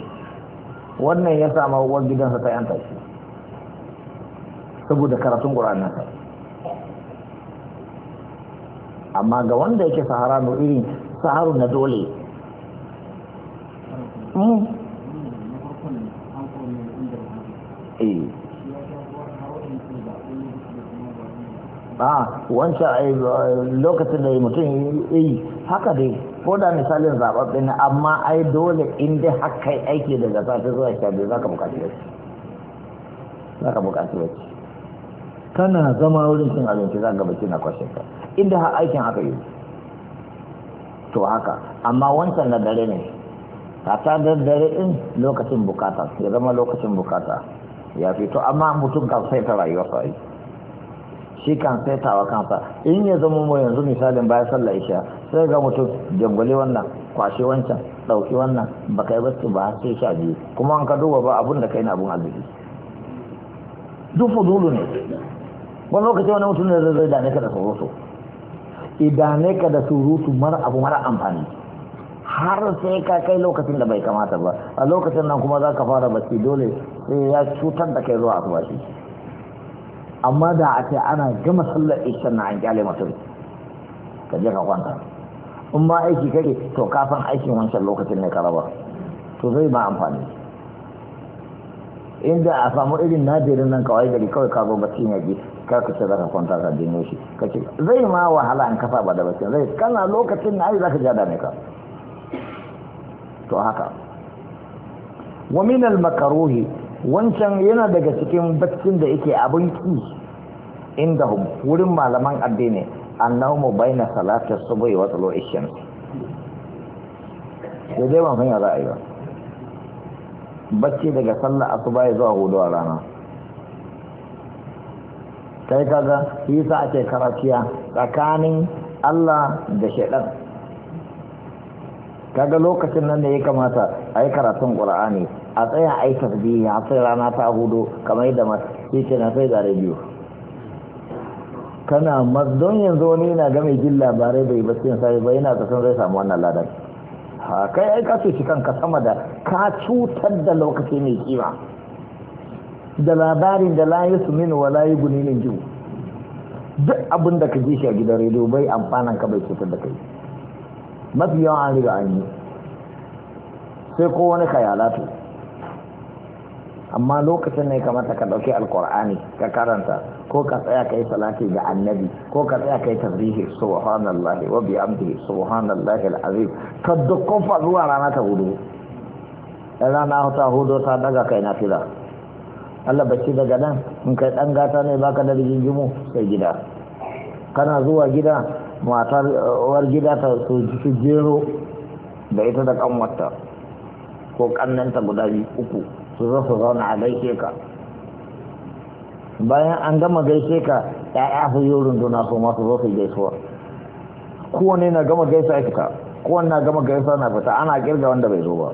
wannan ya sama uwar gidansa ta yanta shi saboda karatun qur'anin sa amma ga wanda yake sahara no irin saharu na dole hmm. Eh. a ah, wancan eh, lokacin da mutum yi eh, haka dai ko da misalin zaɓaɓɓe ne amma ai dole inda haka yi aiki daga safe zuwa sha za ka buƙaci wacce za ka buƙaci wacce kana zama wurin cin abinci za ka bacci na kwashe ka inda haka aikin haka yi to haka amma wancan na dare ne ta ta dare in lokacin bukata ya zama lokacin bukata ya fito amma mutum kan sai ta rayuwa sai shi kan sai ta wa kansa in ya zama mu yanzu misalin bayan sallar isha sai ga mutum jangwale wannan kwashe wancan dauki wannan kai ba su ba sai sha biyu kuma an ka duba ba abun da kai na abun arziki duk fudulu ne wani lokaci wani mutum ne zai dane ka da surutu idane ka da surutu mara abu mara amfani har sai ka kai lokacin da bai kamata ba a lokacin nan kuma za ka fara basi dole sai ya cutar da kai zuwa asubashi amma da a ce ana gama sallar isha na an kyale mutum ka je ka kwanta in ba aiki kake to kafin aikin wancan lokacin ne ka raba to zai ma amfani inda a samu irin najerin nan kawai gari kawai ka zo bacci ne ji ka ce kwanta ka dinyo shi ka ce zai ma wahala an kafa ba da basi zai kana lokacin na ai ka ja da ne ka to haka wa min al makaruhi wancan yana daga cikin baccin da yake abin ki hum wurin malaman addini annahu baina salati subhi wa tulu'i shams Ya dai ban yi ra'ayi ba bacci daga sallah asuba zuwa hudu a rana kai kaga yi sa ake karaciya tsakanin Allah da shaidan kaga lokacin nan da ya kamata a yi karatun ƙura'ani a tsaya a yi tasbihi a sai rana ta hudu kamar yadda masu ce na sai zare biyu kana mazdon yanzu wani yana ga mai jin labarai bai basu yin sai bai yana kasan zai samu wannan ladan ha kai ai ka cuci kanka sama da ka cutar da lokaci mai kima da labarin da la min wa la yughni min duk abin da ka ji shi a gidan rediyo bai amfanan ka bai cutar da kai mafi yawan an riga an yi sai ko wani kayalatu amma lokacin ne kamata ka ɗauki alkur'ani ka karanta ko ka tsaya ka yi salati ga annabi ko ka tsaya ka yi tasbihi subhanallah wa amdi subhanallah alazim ka dukkan zuwa rana ta hudu rana ta hudu ta daga kai na fila Allah bacci daga nan in kai dan gata ne baka da rigingimu sai gida kana zuwa gida matar uh, uwar gida ta su jero da ita da kanwata ko kannanta guda biyu uku su zo su zauna a gaishe ka bayan an gama gaishe ka ya'ya su yi runduna su masu zo su gaisuwa kowane na gama gaisa fita kowane na gama gaisa na fita ana kirga wanda bai zo ba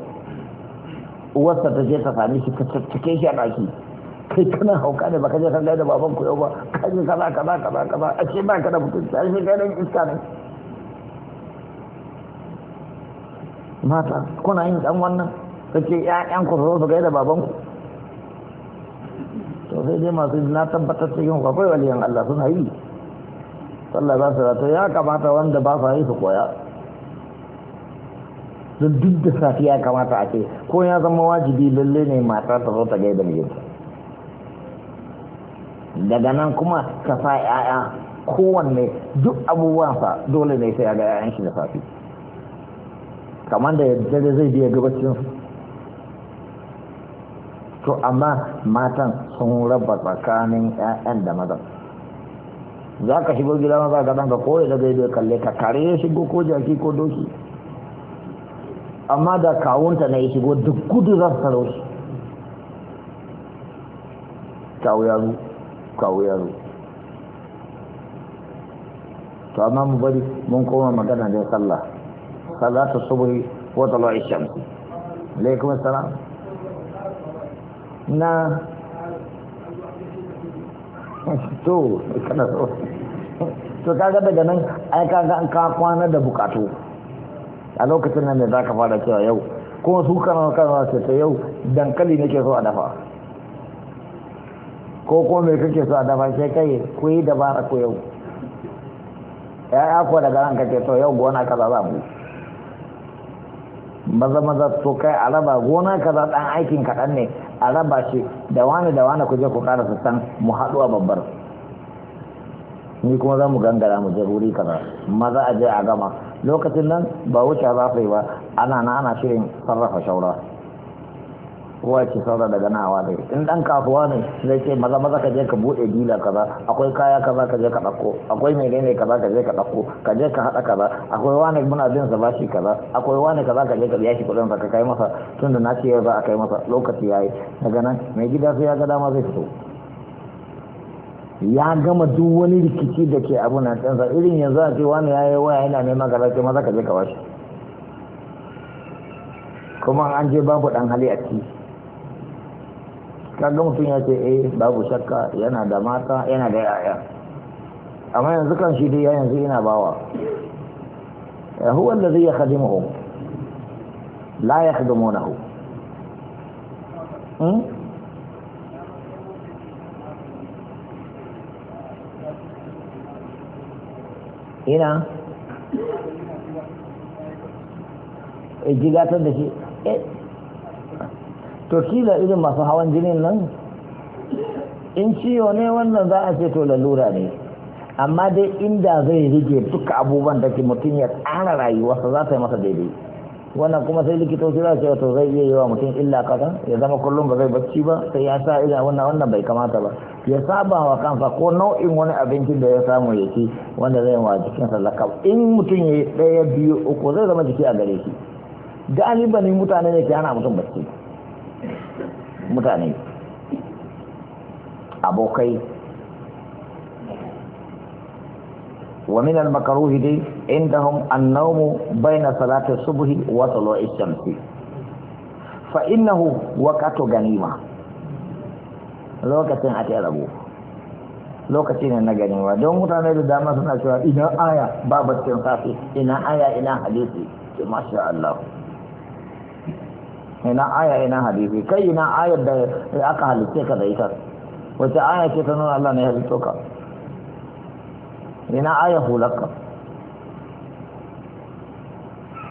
uwarsa ta je ta sami shi ta cike shi a ɗaki kai kana hauka ne baka je ka gaida baban ku yau ba kaji kaza kaza kaza kaza a ce ba ka da mutunci a shi gaidan iska ne mata kuna yin dan wannan kace ƴaƴan ku so su gaida baban ku to sai dai masu na tabbatar cikin ku akwai waliyan Allah suna yi sallah za su rata ya kamata wanda ba sa yi su koya don duk da safiya kamata a ce ko ya zama wajibi lalle ne mata ta zo ta gaida mijinta daga nan kuma ka sa ‘ya'ya kowanne duk abubuwansa dole ne sai ya ga ‘ya'yan shi da safi kamar da yadda zai biya gabacin to amma matan sun raba tsakanin ‘ya'yan da maza za ka shigo gida maza ga ɗanka ko daga zai bai kalle ka kare ya shigo ko jaki ko doki amma da kawunta na ya shigo duk gudu za su taro shi kawo ya kawo ya to amma mu bari mun koma magana da sallah salatu subhi wa tala'i shams alaikum assalam na to kana so to kaga daga nan ai kaga an ka kwana da bukatu a lokacin nan ne zaka fara cewa yau kuma su kana kana ce ta yau dankali nake so a dafa ko ko mai kake so a dafa sai kai ku yi dabara ku yau ya ko daga nan kake to yau gona kaza za mu maza maza to kai a raba gona kaza dan aikin kaɗan ne a raba shi da wani da wani ku je ku ƙara san mu haɗu a babbar ni kuma za mu gangara mu je wuri kaza maza a je a gama lokacin nan ba wuce za su yi ba ana na ana shirin sarrafa shaura wace saura daga nawa da in dan kasuwa ne zai ce maza maza ka je ka bude dila kaza akwai kaya kaza ka je ka dauko akwai menene kaza ka je ka dauko ka je ka hada kaza akwai wani muna bin sa bashi kaza akwai wani kaza ka je ka biya shi kudin sa ka kai masa tunda na ce yau za a kai masa lokaci yayi daga nan mai gida sai ya ga dama zai fito ya gama duk wani rikici da ke abu na ɗansa irin yanzu a ce wani ya yi waya yana neman kaza ce maza ka je ka bashi kuma an je babu dan hali a ciki kaga mutum ya ce eh babu shakka yana da mata yana da yaya amma yanzu kan shi dai yanzu ina bawa huwa allazi yakhdimuhum la yakhdumunahu hmm? ina e jigatar da shi eh, to kila irin masu hawan jinin nan in ciwo ne wannan za a ce to lalura ne amma dai inda zai rige duka abubuwan da ke mutum ya tsara rayuwarsa za ta yi masa daidai wannan kuma sai likitoci za su to zai iya yi wa mutum illa kaza ya zama kullum ba zai bacci ba sai ya sa ila wannan wannan bai kamata ba ya saba wa kansa ko nau'in wani abincin da ya samu ya ci wanda zai wa jikinsa lakab in mutum ya yi ɗaya biyu uku zai zama jiki a gare shi galibanin mutane ne ke hana mutum bacci mutane abokai wa min al-makruhi dai indahum an-nawmu bayna salati subhi wa tulu'i shamsi fa innahu waqtu ganima lokacin ake rabu lokaci ne na ganima don mutane da dama suna cewa ina aya babaccin safi ina aya ina hadisi masha Allah ina aya ina hadisi kai ina ayar da aka halitta ka da ita wace aya ce ta nuna Allah ne ya halitto ka ina aya hulaka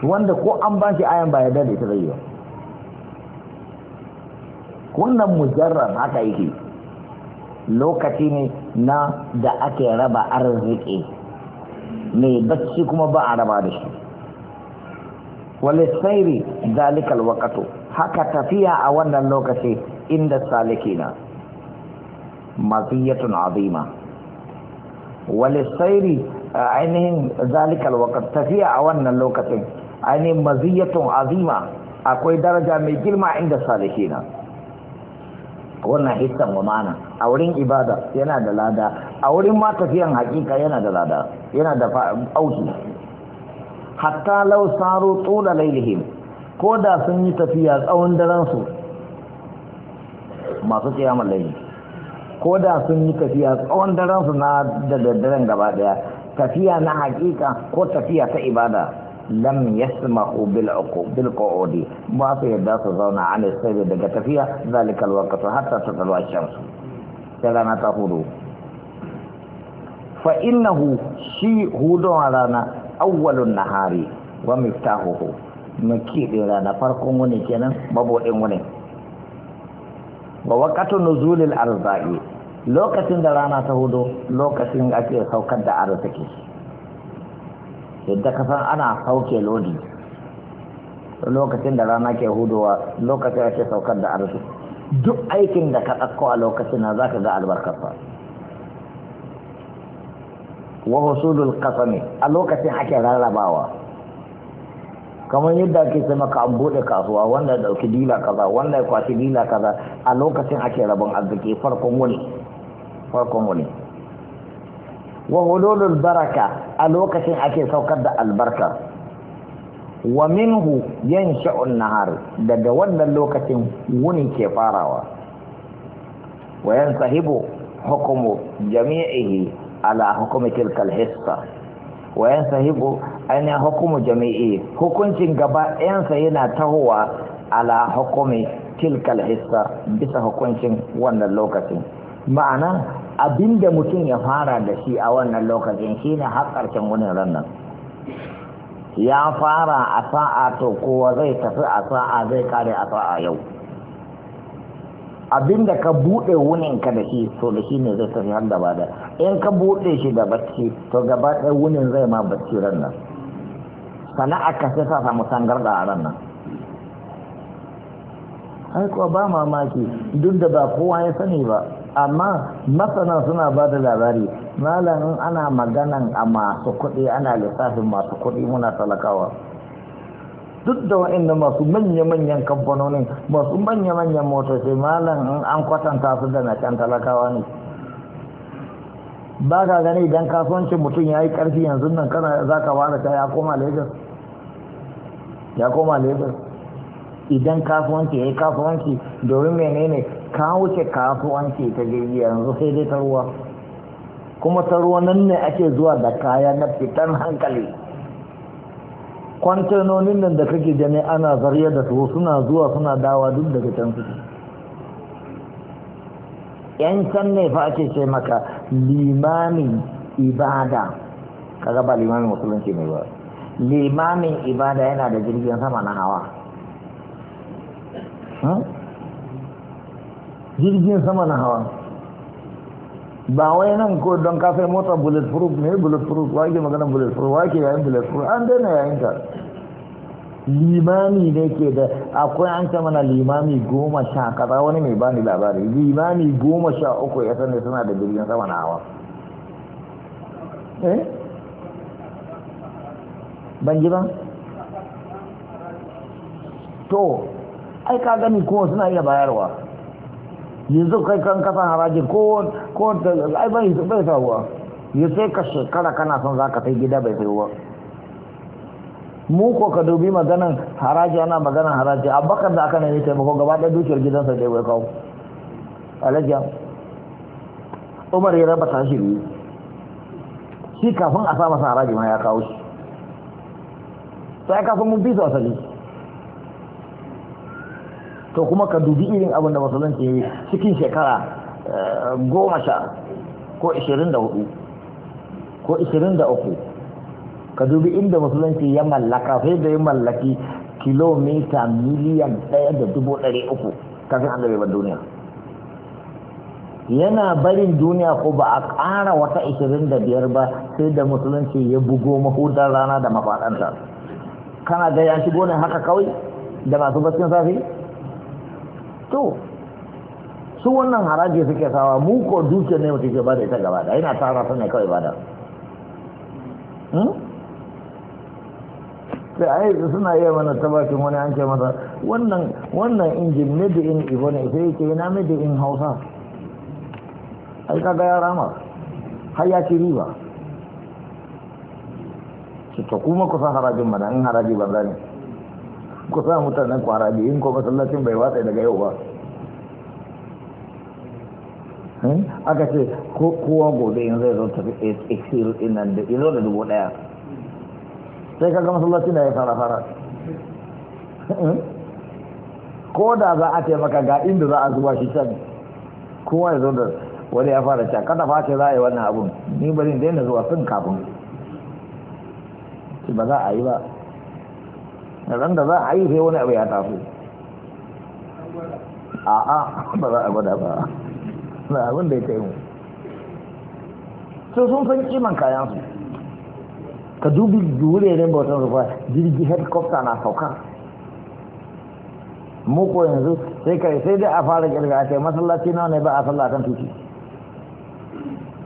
wanda ko an ba shi ayan ba ya dade ta zai yi wannan mujarran haka yake lokaci ne na da ake raba arziki mai bacci kuma ba a raba da shi Wale sairi zalikal wakatu haka tafiya a wannan lokaci inda salikina maziyatun azima Wale walisairi ainihin zalikal wakatu tafiya a wannan lokacin ainihin maziyatun azima akwai daraja mai girma inda salikina wannan hissan wa a wurin ibada yana da lada a wurin ma tafiyan hakika yana da lada yana da auki hatta law saru tula lailihim ko da sun yi tafiya tsawon daren masu kiyamar layli ko da sun yi tafiya tsawon daren na da daddaren gaba daya tafiya na hakika ko tafiya ta ibada lam yasma'u bil bil qa'udi ba su yadda su zauna an sai daga tafiya zalikal waqtu hatta tatlu'a shamsu sai rana ta hudu fa innahu shi hudu rana awwalun nahari wa miftahuhu makiɗin rana farkon wani kenan mabuɗin wani wa waƙatun nuzulil arba'i lokacin da rana ta hudu lokacin ake saukar da arziki yadda kasan ana sauke lodi lokacin da rana ke hudowa lokacin ake saukar da arziki duk aikin da ka ɗauko a lokacin na za ka ga albarkarsa wa husulul qasami a lokacin ake rarrabawa kamar yadda ake sai maka an bude kasuwa wanda ya dauki dila kaza wanda ya kwashi dila kaza a lokacin ake rabon arziki farkon wuni farkon wuni wa hululul baraka a lokacin ake saukar da albarka wa minhu yansha'un nahar daga wannan lokacin wuni ke farawa wa yansahibu hukumu jami'ihi ala hukumi tilkal hissa wa yansahibu ainihin hukumu jami'i hukuncin gaba yansa yana tahowa ala hukumi tilkal hissa bisa hukuncin wannan lokacin ma'ana abinda mutum ya fara da shi a wannan lokacin shine har karshen wani ranar ya fara a sa'a to kowa zai tafi a sa'a zai kare a sa'a yau Abin da ka buɗe wunin ka da shi to da shi ne zai tafi har gaba da in ka buɗe shi da bacci to gaba ɗaya wunin zai ma bacci ran nan sana'a ka sai sa samu da a ran nan ai kuwa ba mamaki duk da ba kowa ya sani ba amma masana suna ba da labari malamin ana maganan a masu kuɗi ana lissafin masu kuɗi muna talakawa duk da wa'inda masu manya-manyan kamfanonin masu manya-manyan motocin, malam an kwatanta su da na can talakawa ne ba ka gani idan kasuwancin mutum ya yi ƙarfi yanzu nan kana za ka ware ta ya koma lagos ya koma lagos idan kasuwanci ya yi kasuwanci domin menene ka wuce kasuwanci ta jirgi yanzu sai dai ta ruwa kuma ta ruwa nan ne ake zuwa da kaya na fitan hankali kwantanonin nan da kake gani ana zarya da su suna zuwa suna dawa duk daga can su yan can ne fa ake ce maka limamin ibada kaga ba limamin musulunci ne ba limamin ibada yana da jirgin sama na hawa hmm? jirgin sama na hawa ba wai nan ko don kafin mota bullet proof ne bullet proof wa ke magana bullet proof wa ke yayin bullet proof an daina yayin ka limami ne ke da akwai an ta mana limami goma sha kaza wani mai bani labari limami goma sha uku ya sani suna da jirgin sama na hawa eh ban ji ba to ai ka gani kuma suna iya bayarwa yanzu kai kan kasan haraji ko ko ai yi bai sawa ya sai ka shekara kana son ka kai gida bai wa mu ko ka dubi maganan haraji ana maganan haraji bakar da aka nemi taimako gaba ɗaya dukiyar gidansa da ya kawo alajiya umar ya raba tashi biyu shi kafin a sa masa haraji ma ya kawo shi sai kafin mun bi su asali to kuma ka dubi irin abin da musulunci cikin shekara eh, goma sha ko ishirin da hudu ko ishirin da uku ka dubi inda musulunci ya mallaka sai da ya mallaki kilomita miliyan ɗaya da dubu ɗari uku kafin an bar duniya yana barin duniya ko ba a ƙara wata ishirin da biyar ba sai da musulunci ya bugo mahudar rana da mafaɗanta kana da ya shigo haka kawai da masu baskin safi to su wannan haraji suke sawa mu ko duke ne mutum ke bada ita gaba da yana tara ta ne kawai bada hmm? sai ai suna iya mana tabakin wani an ce masa wannan wannan injin made in ibo sai yake yana made in hausa ai kaga ya rama har ya ci riba to kuma kusa harajin mana in haraji banza zane ku sa mutanen kwara biyun ko masallacin bai watsa daga yau ba hmm? aka ce ko kowa gobe in zai zo tafi exil din nan da izo da dubu daya sai kaga masallacin da ya fara fara hmm? ko da za a taimaka ga inda za a zuwa shi can kowa ya zo da wani ya fara can kada face za a yi wannan abun ni bari daina zuwa sun kafin ba za a yi ba nan da za a yi sai wani abu ya taso a'a ba za a gwada ba na abin da ya ta'imu. mu su sun san kiman kayan su ka dubi wuraren bautan su fa jirgi helicopter na sauka muku yanzu sai kai sai dai a fara kirga a ce masallaci nawa ne ba a sallah kan titi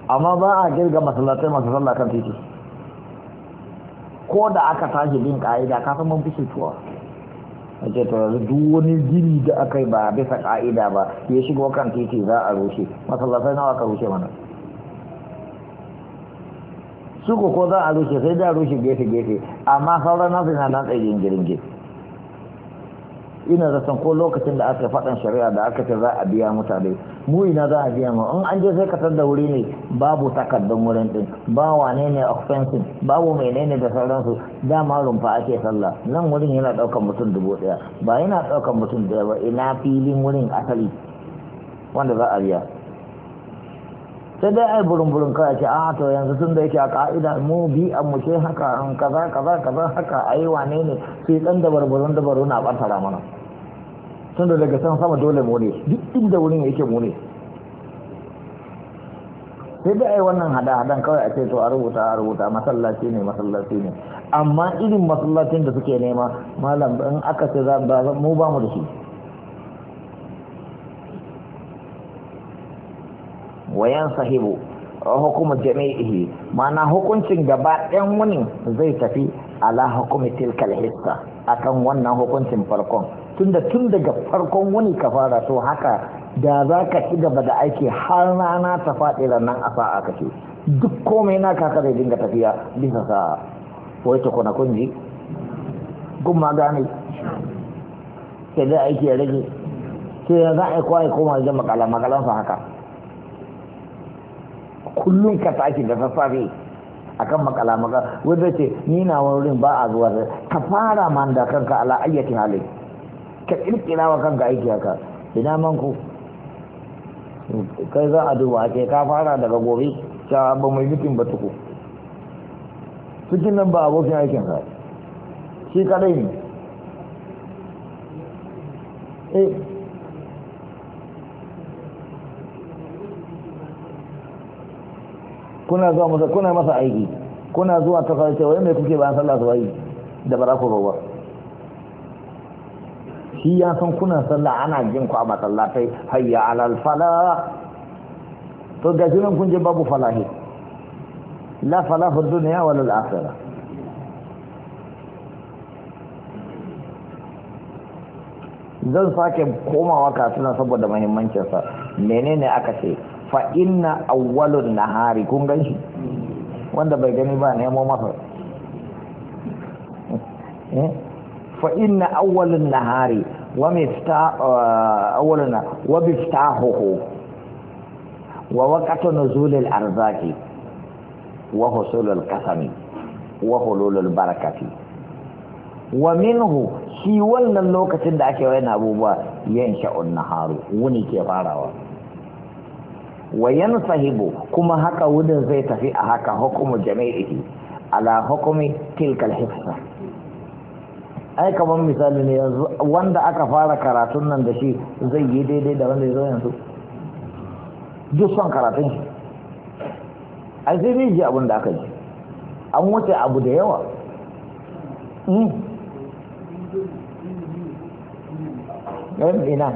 amma ba a kirga masallatai masu sallah kan titi ko da aka tashi bin ka'ida ka san mun fi cutuwa a ce to yanzu duk wani gini da aka yi ba bisa ka'ida ba ya shigo kan titi za a rushe masallatai nawa ka rushe mana su ko za a rushe sai da rushe gefe gefe amma sauran nasu na nan tsaye gingirin gefe ina da san ko lokacin da aka faɗan shari'a da aka ce za a biya mutane mu ina za a biya mu in an je sai ka da wuri ne babu takardun wurin din ba wane ne offensive babu menene da sauransu dama rumfa ake sallah nan wurin yana ɗaukar mutum dubu ɗaya ba yana ɗaukar mutum ɗaya ba ina filin wurin asali wanda za a biya sai dai ai burin-burin kawai ce a to yanzu tun da yake a ka'ida mu bi a mu ce haka an kaza kaza kaza haka a yi wane ne sai dan da barbarun da baro na ɓantara mana tun da daga san sama dole mu ne duk inda wurin yake mu ne sai dai ai wannan hada-hadan kawai a ce to a rubuta a rubuta masallaci ne masallaci ne amma irin masallacin da suke nema malam in aka ce za mu ba mu da shi yan sahibu hukumu jami'i mana hukuncin gaba ɗayan wani zai tafi ala hukumi tilkal hissa akan wannan hukuncin farkon tunda tun daga farkon wani ka fara to haka da za ka ci gaba da aiki har rana ta faɗi nan a sa'a ce duk komai na kaka zai dinga tafiya bisa sa'a wai ta kuna kunji gumma gane sai dai aiki ya rage sai za a yi kwaye koma zai makala makalansa haka kullum ka tashi da a akan makala maka wanda ce ni na wurin ba a zuwa ka fara man da kanka ala ayyati halin ka kirkira wa kanka aiki haka ina man ku kai za a duba ake ka fara daga gobe ta ba mai mutum ba tuku cikin nan ba abokin aikin ka shi kadai ne eh kuna zuwa masa kuna masa aiki kuna zuwa ta fara cewa me kuke bayan sallah su yi da ba za ku roba shi ya san kuna sallah ana jin ku a masallatai hayya alal fala to ga shi kun je babu falahi la fala fi duniya al akhirah zan sake komawa na saboda muhimmancinsa menene aka ce fa inna awwalun nahari kun gan shi wanda bai gani ba nemo masa eh? fa inna awwalun nahari wa mifta uh, awwaluna wa biftahuhu wa waqtu nuzulil arzaqi wa husulul qasami wa hululul barakati wa minhu shi wannan lokacin da ake wayan abubuwa yan sha'un naharu wuni ke farawa wa sahibu kuma haka wudin zai tafi a haka hukumu jami'i ala hukumi tilkal hifsa ai kamar misali ne yanzu wanda aka fara karatun nan da shi zai yi daidai da wanda ya zo yanzu duk son karatun shi ai sai ne ji abin da aka yi an wuce abu da yawa hmm. ina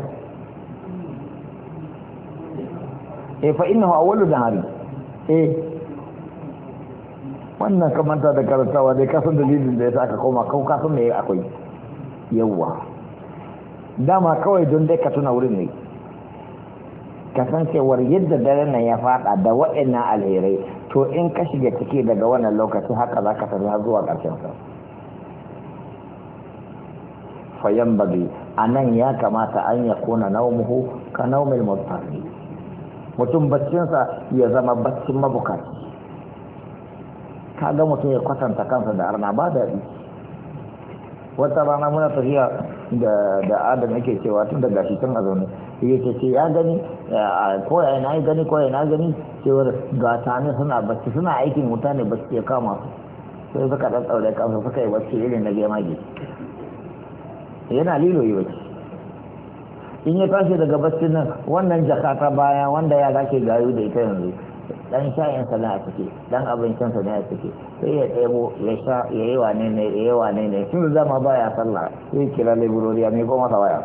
eh fa innahu awwalu dahari eh wannan kamar ta da karatawa dai kasan dalilin da ya sa aka koma kan kasan me akwai yawwa dama kawai don dai ka tuna wurin ne kasancewar yadda dare nan ya fada da waɗannan alherai to in ka shiga ciki daga wannan lokaci haka za ka tafi har zuwa ƙarshen sa fayan bagi a nan ya kamata an ya kona naumuhu ka naumin mutane mutum baccinsa ya zama baccin mabukaci kaga mutum ya kwatanta kansa da arna ba daɗi wata rana muna tafiya da da adam yake cewa tun da gashi tun a zaune Ya ce ya gani ko ya na gani ko ya na gani cewa ga tani suna bacci suna aikin wuta ne bacci ya kama su sai suka ɗan tsaure kansu suka yi bacci irin na gemage yana lilo yi bacci in ya tashi daga baccin nan wannan jaka ta baya wanda ya ke gayu da ita yanzu dan sha'insa ne a ciki dan abincinsa ne a ciki sai ya tsebo ya sha ya yi wane ne ya yi wane ne shi da zama baya sallah sai kira laburori ya goma masa waya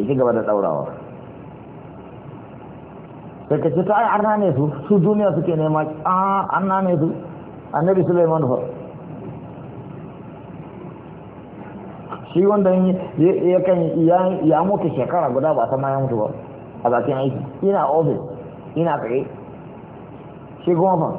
ya ci gaba da ɗaurawa sai ka ce ta ai an ne su su duniya suke nema a an ne su annabi sulaiman fa shi wanda ya kan ya mutu shekara guda ba san ma ya mutu ba a bakin aiki ina ofis ina tsaye shi goma ba.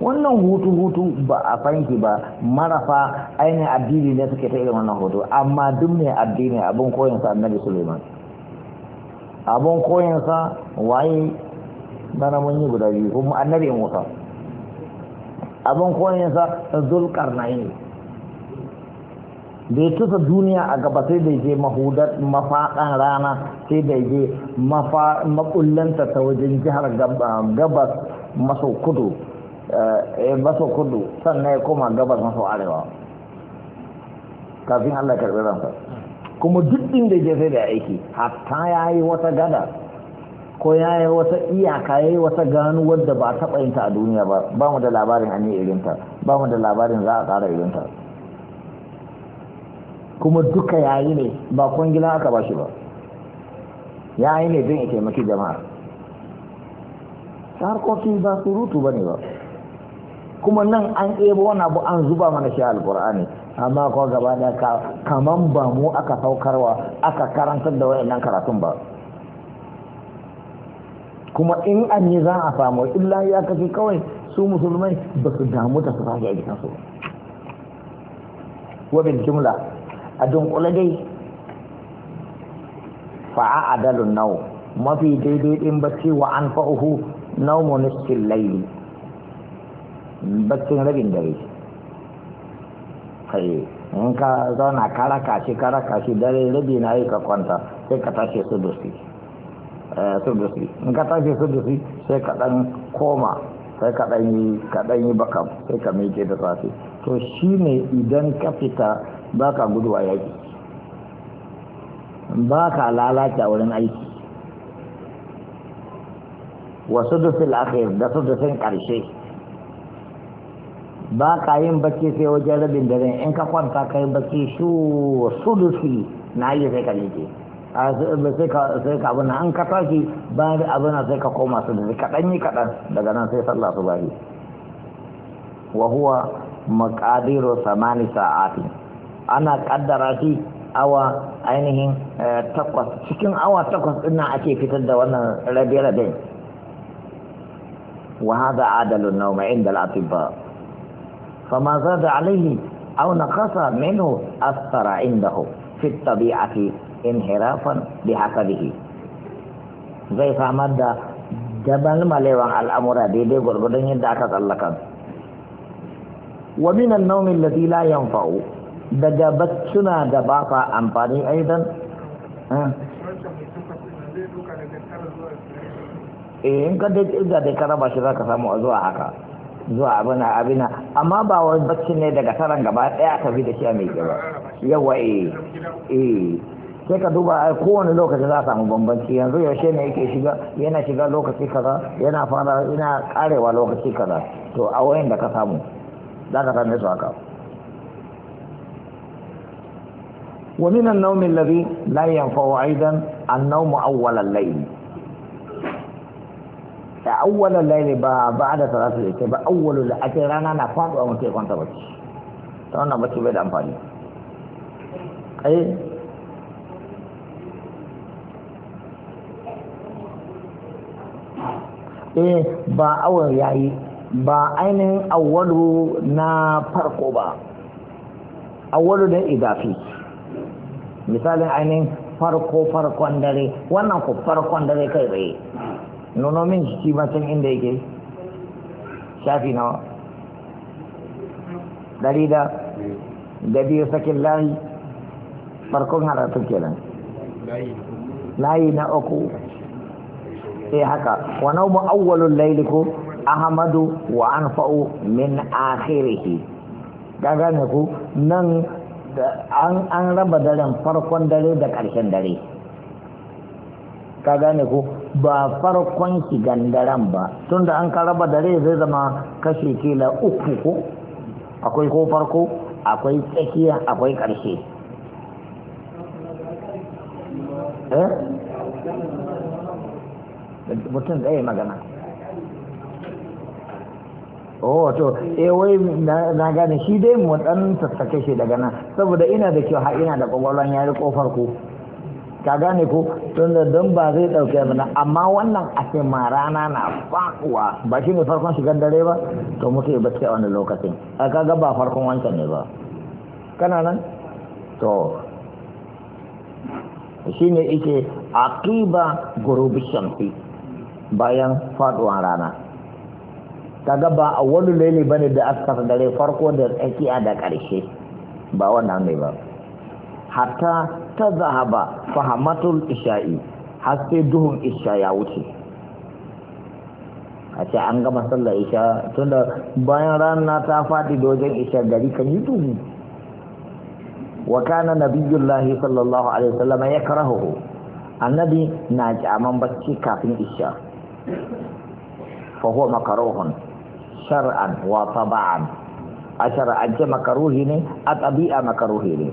wannan hutu hutu ba a fanki ba marafa ainihin addini ne suke ta irin wannan hutu amma duk mai addini abin sa annabi suleiman abin sa waye bana mun yi guda biyu kuma annabi musa abin na yi. bai tusa duniya a gaba sai da je mahudar mafaɗan rana sai da je makullanta ta wajen jihar gabas maso kudu eh, eh, maso kudu sannan ya koma gabas maso arewa kafin allah karɓi ransa kuma duk inda je sai da aiki hatta ya yi wata gada ko ya yi wata iyaka ya yi wata gano wadda ba taɓa yinta a duniya ba ba mu da labarin an yi irinta ba mu da labarin za a ƙara irinta kuma duka yayi ne ba kwangila aka ba shi ba yayi ne don ya taimaki jama'a harkoki ba surutu ba ne ba kuma nan an ebo wani abu an zuba mana shi alkur'ani amma ko gaba da ka kaman ba mu aka saukarwa aka karantar da wayannan karatun ba kuma in an yi za a samu illa ya kafi kawai su musulmai ba su damu da su fahimta a wa jumla a dunkule dai fa'a adalun nau mafi daidai din bacci wa an fa'uhu nau nisfin laili baccin rabin dare kai in ka zauna karaka kashi karaka kashi dare rabi na yi ka kwanta sai ka tashi su dusi eh, in ka tashi dusi, sai ka dan koma sai ka dan yi ka yi bakam sai ka miƙe da safe to shine idan ka fita ba ka gudu a yaƙi ba ka lalata wurin aiki wasu dusil akhir da su dusin ƙarshe ba ka yin bacci sai wajen rabin dare in ka kwanta ka yi bacci shu dusi na yi sai ka lije sai ka abuna an ka tashi ba da abuna sai ka koma su dusi kaɗan yi kaɗan daga nan sai sallah su bari wa huwa maqadiru samani sa'atin ana kaddara shi awa ainihin eh, takwas cikin awa takwas din nan ake fitar da wannan rabe-rabe wa hada adalun nauma inda al-atibba fama zada alaihi aw kasa minhu asfara indahu fi tabi'ati inhirafan bihasabihi zai samar da jabal malewan al'amura daidai gwargwadon yadda aka tsallaka wa minan nawmi alladhi la yanfa'u daga baccuna da ba fa amfani aidan eh in ka dai irga dai ka raba shi za ka samu a zuwa haka zuwa abina abina amma ba wani bacci ne daga taran gaba ɗaya ka bi da shi a mai gaba yawa eh eh sai ka duba a kowane lokaci za a samu bambanci yanzu yaushe ne yake shiga yana shiga lokaci kaza yana fara yana karewa lokaci kaza to a wayan da ka samu za ka same su haka ومن النوم الذي لا ينفع أيضا النوم أول الليل أول الليل بعد ثلاثة الإتباع أول الأجر أنا نفاق ومتي كنت بتش تانا بتش بيد أمباني أي eh با awon yayi با ainihin awwalu نا فرقوا با awwalu ده idafi misalin ainihin farko farkon dare wannan ku farkon dare kai tsaye nuno min shi masin inda yake shafi nawa dari da da biyu sakin layi farkon haratu kenan layi na uku sai haka wa naumu awwalul layli ko ahmadu wa anfa'u min akhirih ku nan an raba daren farkon dare da ƙarshen dare ka gane ku ba farkon shigan daren ba tunda an ka raba dare zai zama kashe kila uku ko akwai ko farko akwai tsakiya akwai ƙarshe eh? mutum tsaye magana oh to eh wai na gane shi dai mu dan sassake shi daga nan saboda ina da kyau har ina da kwakwalwan ya kofar ku ka gane ku don da don ba zai ɗauke na amma wannan a ce ma rana na fakuwa ba shi ne farkon shigar dare ba to muke yi bacci a wani lokacin a kaga ba farkon wancan ne ba kana nan to shi ne ike Akiba gurubi shamsi bayan faduwan rana kaga ba a wani laili ba ne da aka dare farko da tsakiya da ƙarshe ba wannan ne ba hatta ta zahaba fahamatul isha'i har duhun isha ya wuce a ce an gama sallar isha tunda bayan rana ta faɗi da wajen isha gari kan yi tuhu wa kana nabiyullahi sallallahu alaihi wasallam ya karahu annabi na kyaman bacci kafin isha fa huwa makaruhun shar'an wa taba'an a shar'ance makaruhi ne a ɗabi'a makaruhi ne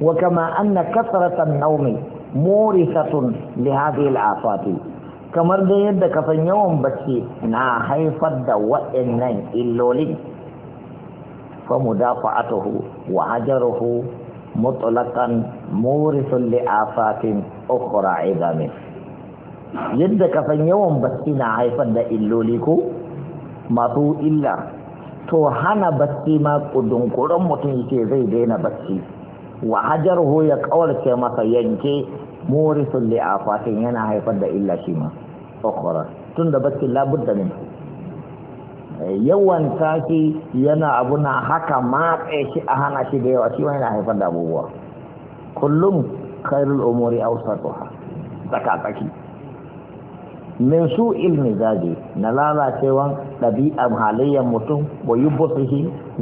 wa kama anna kasratan naumi morisatun li hadhihi kamar da yadda kafan yawan bacci na haifar da waɗannan illolin fa mudafa'atuhu wa hajaruhu mutlaqan morisun li afatin ukhra idamin yadda san yawan baski na haifar da illoli ko masu illa to hana baski ma kudunkuren mutum yake zai daina bacci wa hajar ho ya kawarce masa yanke morisun li'afatin yana haifar da illa shi ma ukhra tun da labur labudda ne yawan tashi yana abu na haka matse shi a hana shi da yawa shi ma yana haifar da abubuwa kullum khairul umuri awsatuha tsaka tsaki min su ilmi zaji na lalacewan ɗabi'ar halayyar mutum wa yi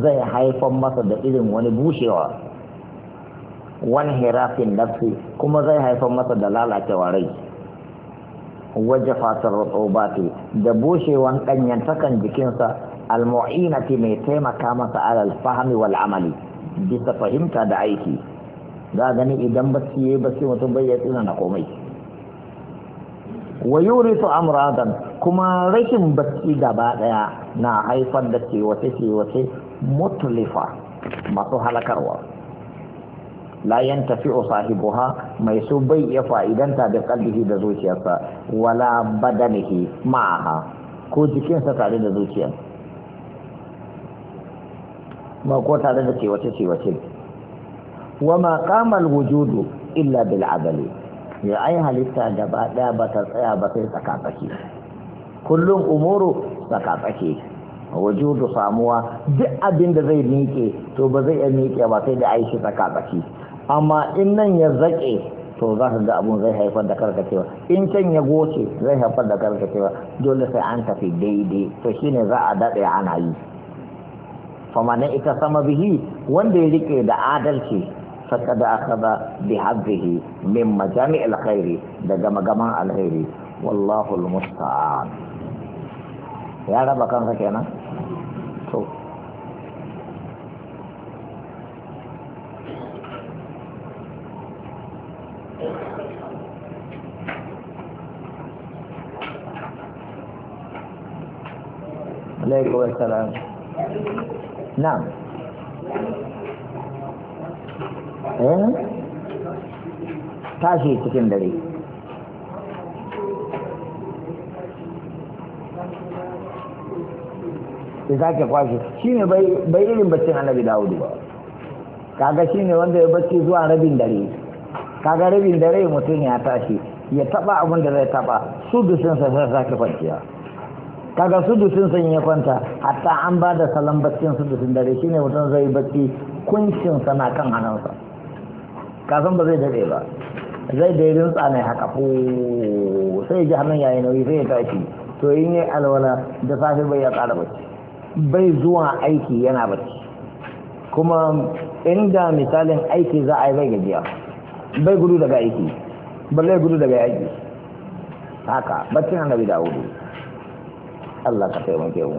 zai haifar masa da irin wani bushewa wani hirafin nafsi kuma zai haifar masa da lalacewa rai waje fatar rotobati da bushewan ɗanyantakan jikinsa almu'inati mai taimaka masa alal fahmi wal amali bisa fahimta da aiki za gani idan bacci ya yi bacci mutum bai ya tsina na komai wa su amradan kuma rashin bacci gaba daya na haifar da kewace kewace mutulifa masu halakarwa la yantafi'u sahibuha mai su bai iya fa'idanta da kalbihi da zuciyarsa wala badanihi ma'aha ko jikinsa tare da zuciyar ma ko tare da kewace kewace wa ma qamal wujudu illa bil adali ya ai halitta gaba ɗaya ba ta tsaya ba sai tsakatsaki kullum umuru tsakatsaki wujudu samuwa duk abin da zai miƙe to ba zai iya miƙe ba sai da aishi tsakatsaki amma in nan ya zaƙe to za ka ga abun zai haifar da karkacewa in can ya goce zai haifar da karkacewa dole sai an tafi daidai to shine za a daɗe ana yi fama na ita sama bihi wanda ya rike da adalci فقد أخذ بحظه من مجامع الخير دقم جماع الخير والله المستعان يا رب كان سكينا شوف عليكم السلام نعم Eh? tashi cikin dare ya sake kwashe shi ne bai irin baccin annabi dawudu ba kaga shi ne wanda ya bacci zuwa rabin dare kaga rabin dare mutum ya tashi ya taba abin da zai taba sudusin sa sai sake kwanciya kaga su sudusin sa ya kwanta hatta an ba da salon baccin sudusin dare shine mutum zai bacci kunshin sa na kan hannunsa kasan ba zai daɗe ba zai da irin tsane haka ko sai ji hannun yayi nauyi sai ya tashi to in yi alwala da safe bai ya ƙara bacci bai zuwa aiki yana bacci kuma inda misalin aiki za a yi bai gajiya bai gudu daga aiki balle gudu daga aiki haka baccin annabi wuri Allah ka taimake mu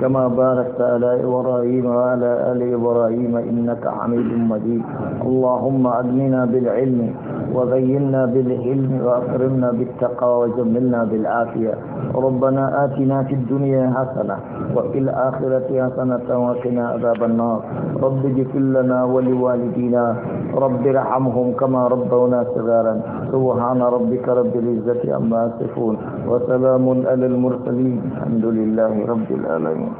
كما باركت على إبراهيم وعلى آل إبراهيم إنك حميد مجيد اللهم أدمنا بالعلم وغينا بالعلم وأكرمنا بالتقوى وجملنا بالعافية ربنا آتنا في الدنيا حسنة وفي الآخرة حسنة وقنا عذاب النار رب اغفر لنا ولوالدينا رب ارحمهم كما ربونا صغارا سبحان ربك رب العزة عما يصفون وسلام على المرسلين الحمد لله رب العالمين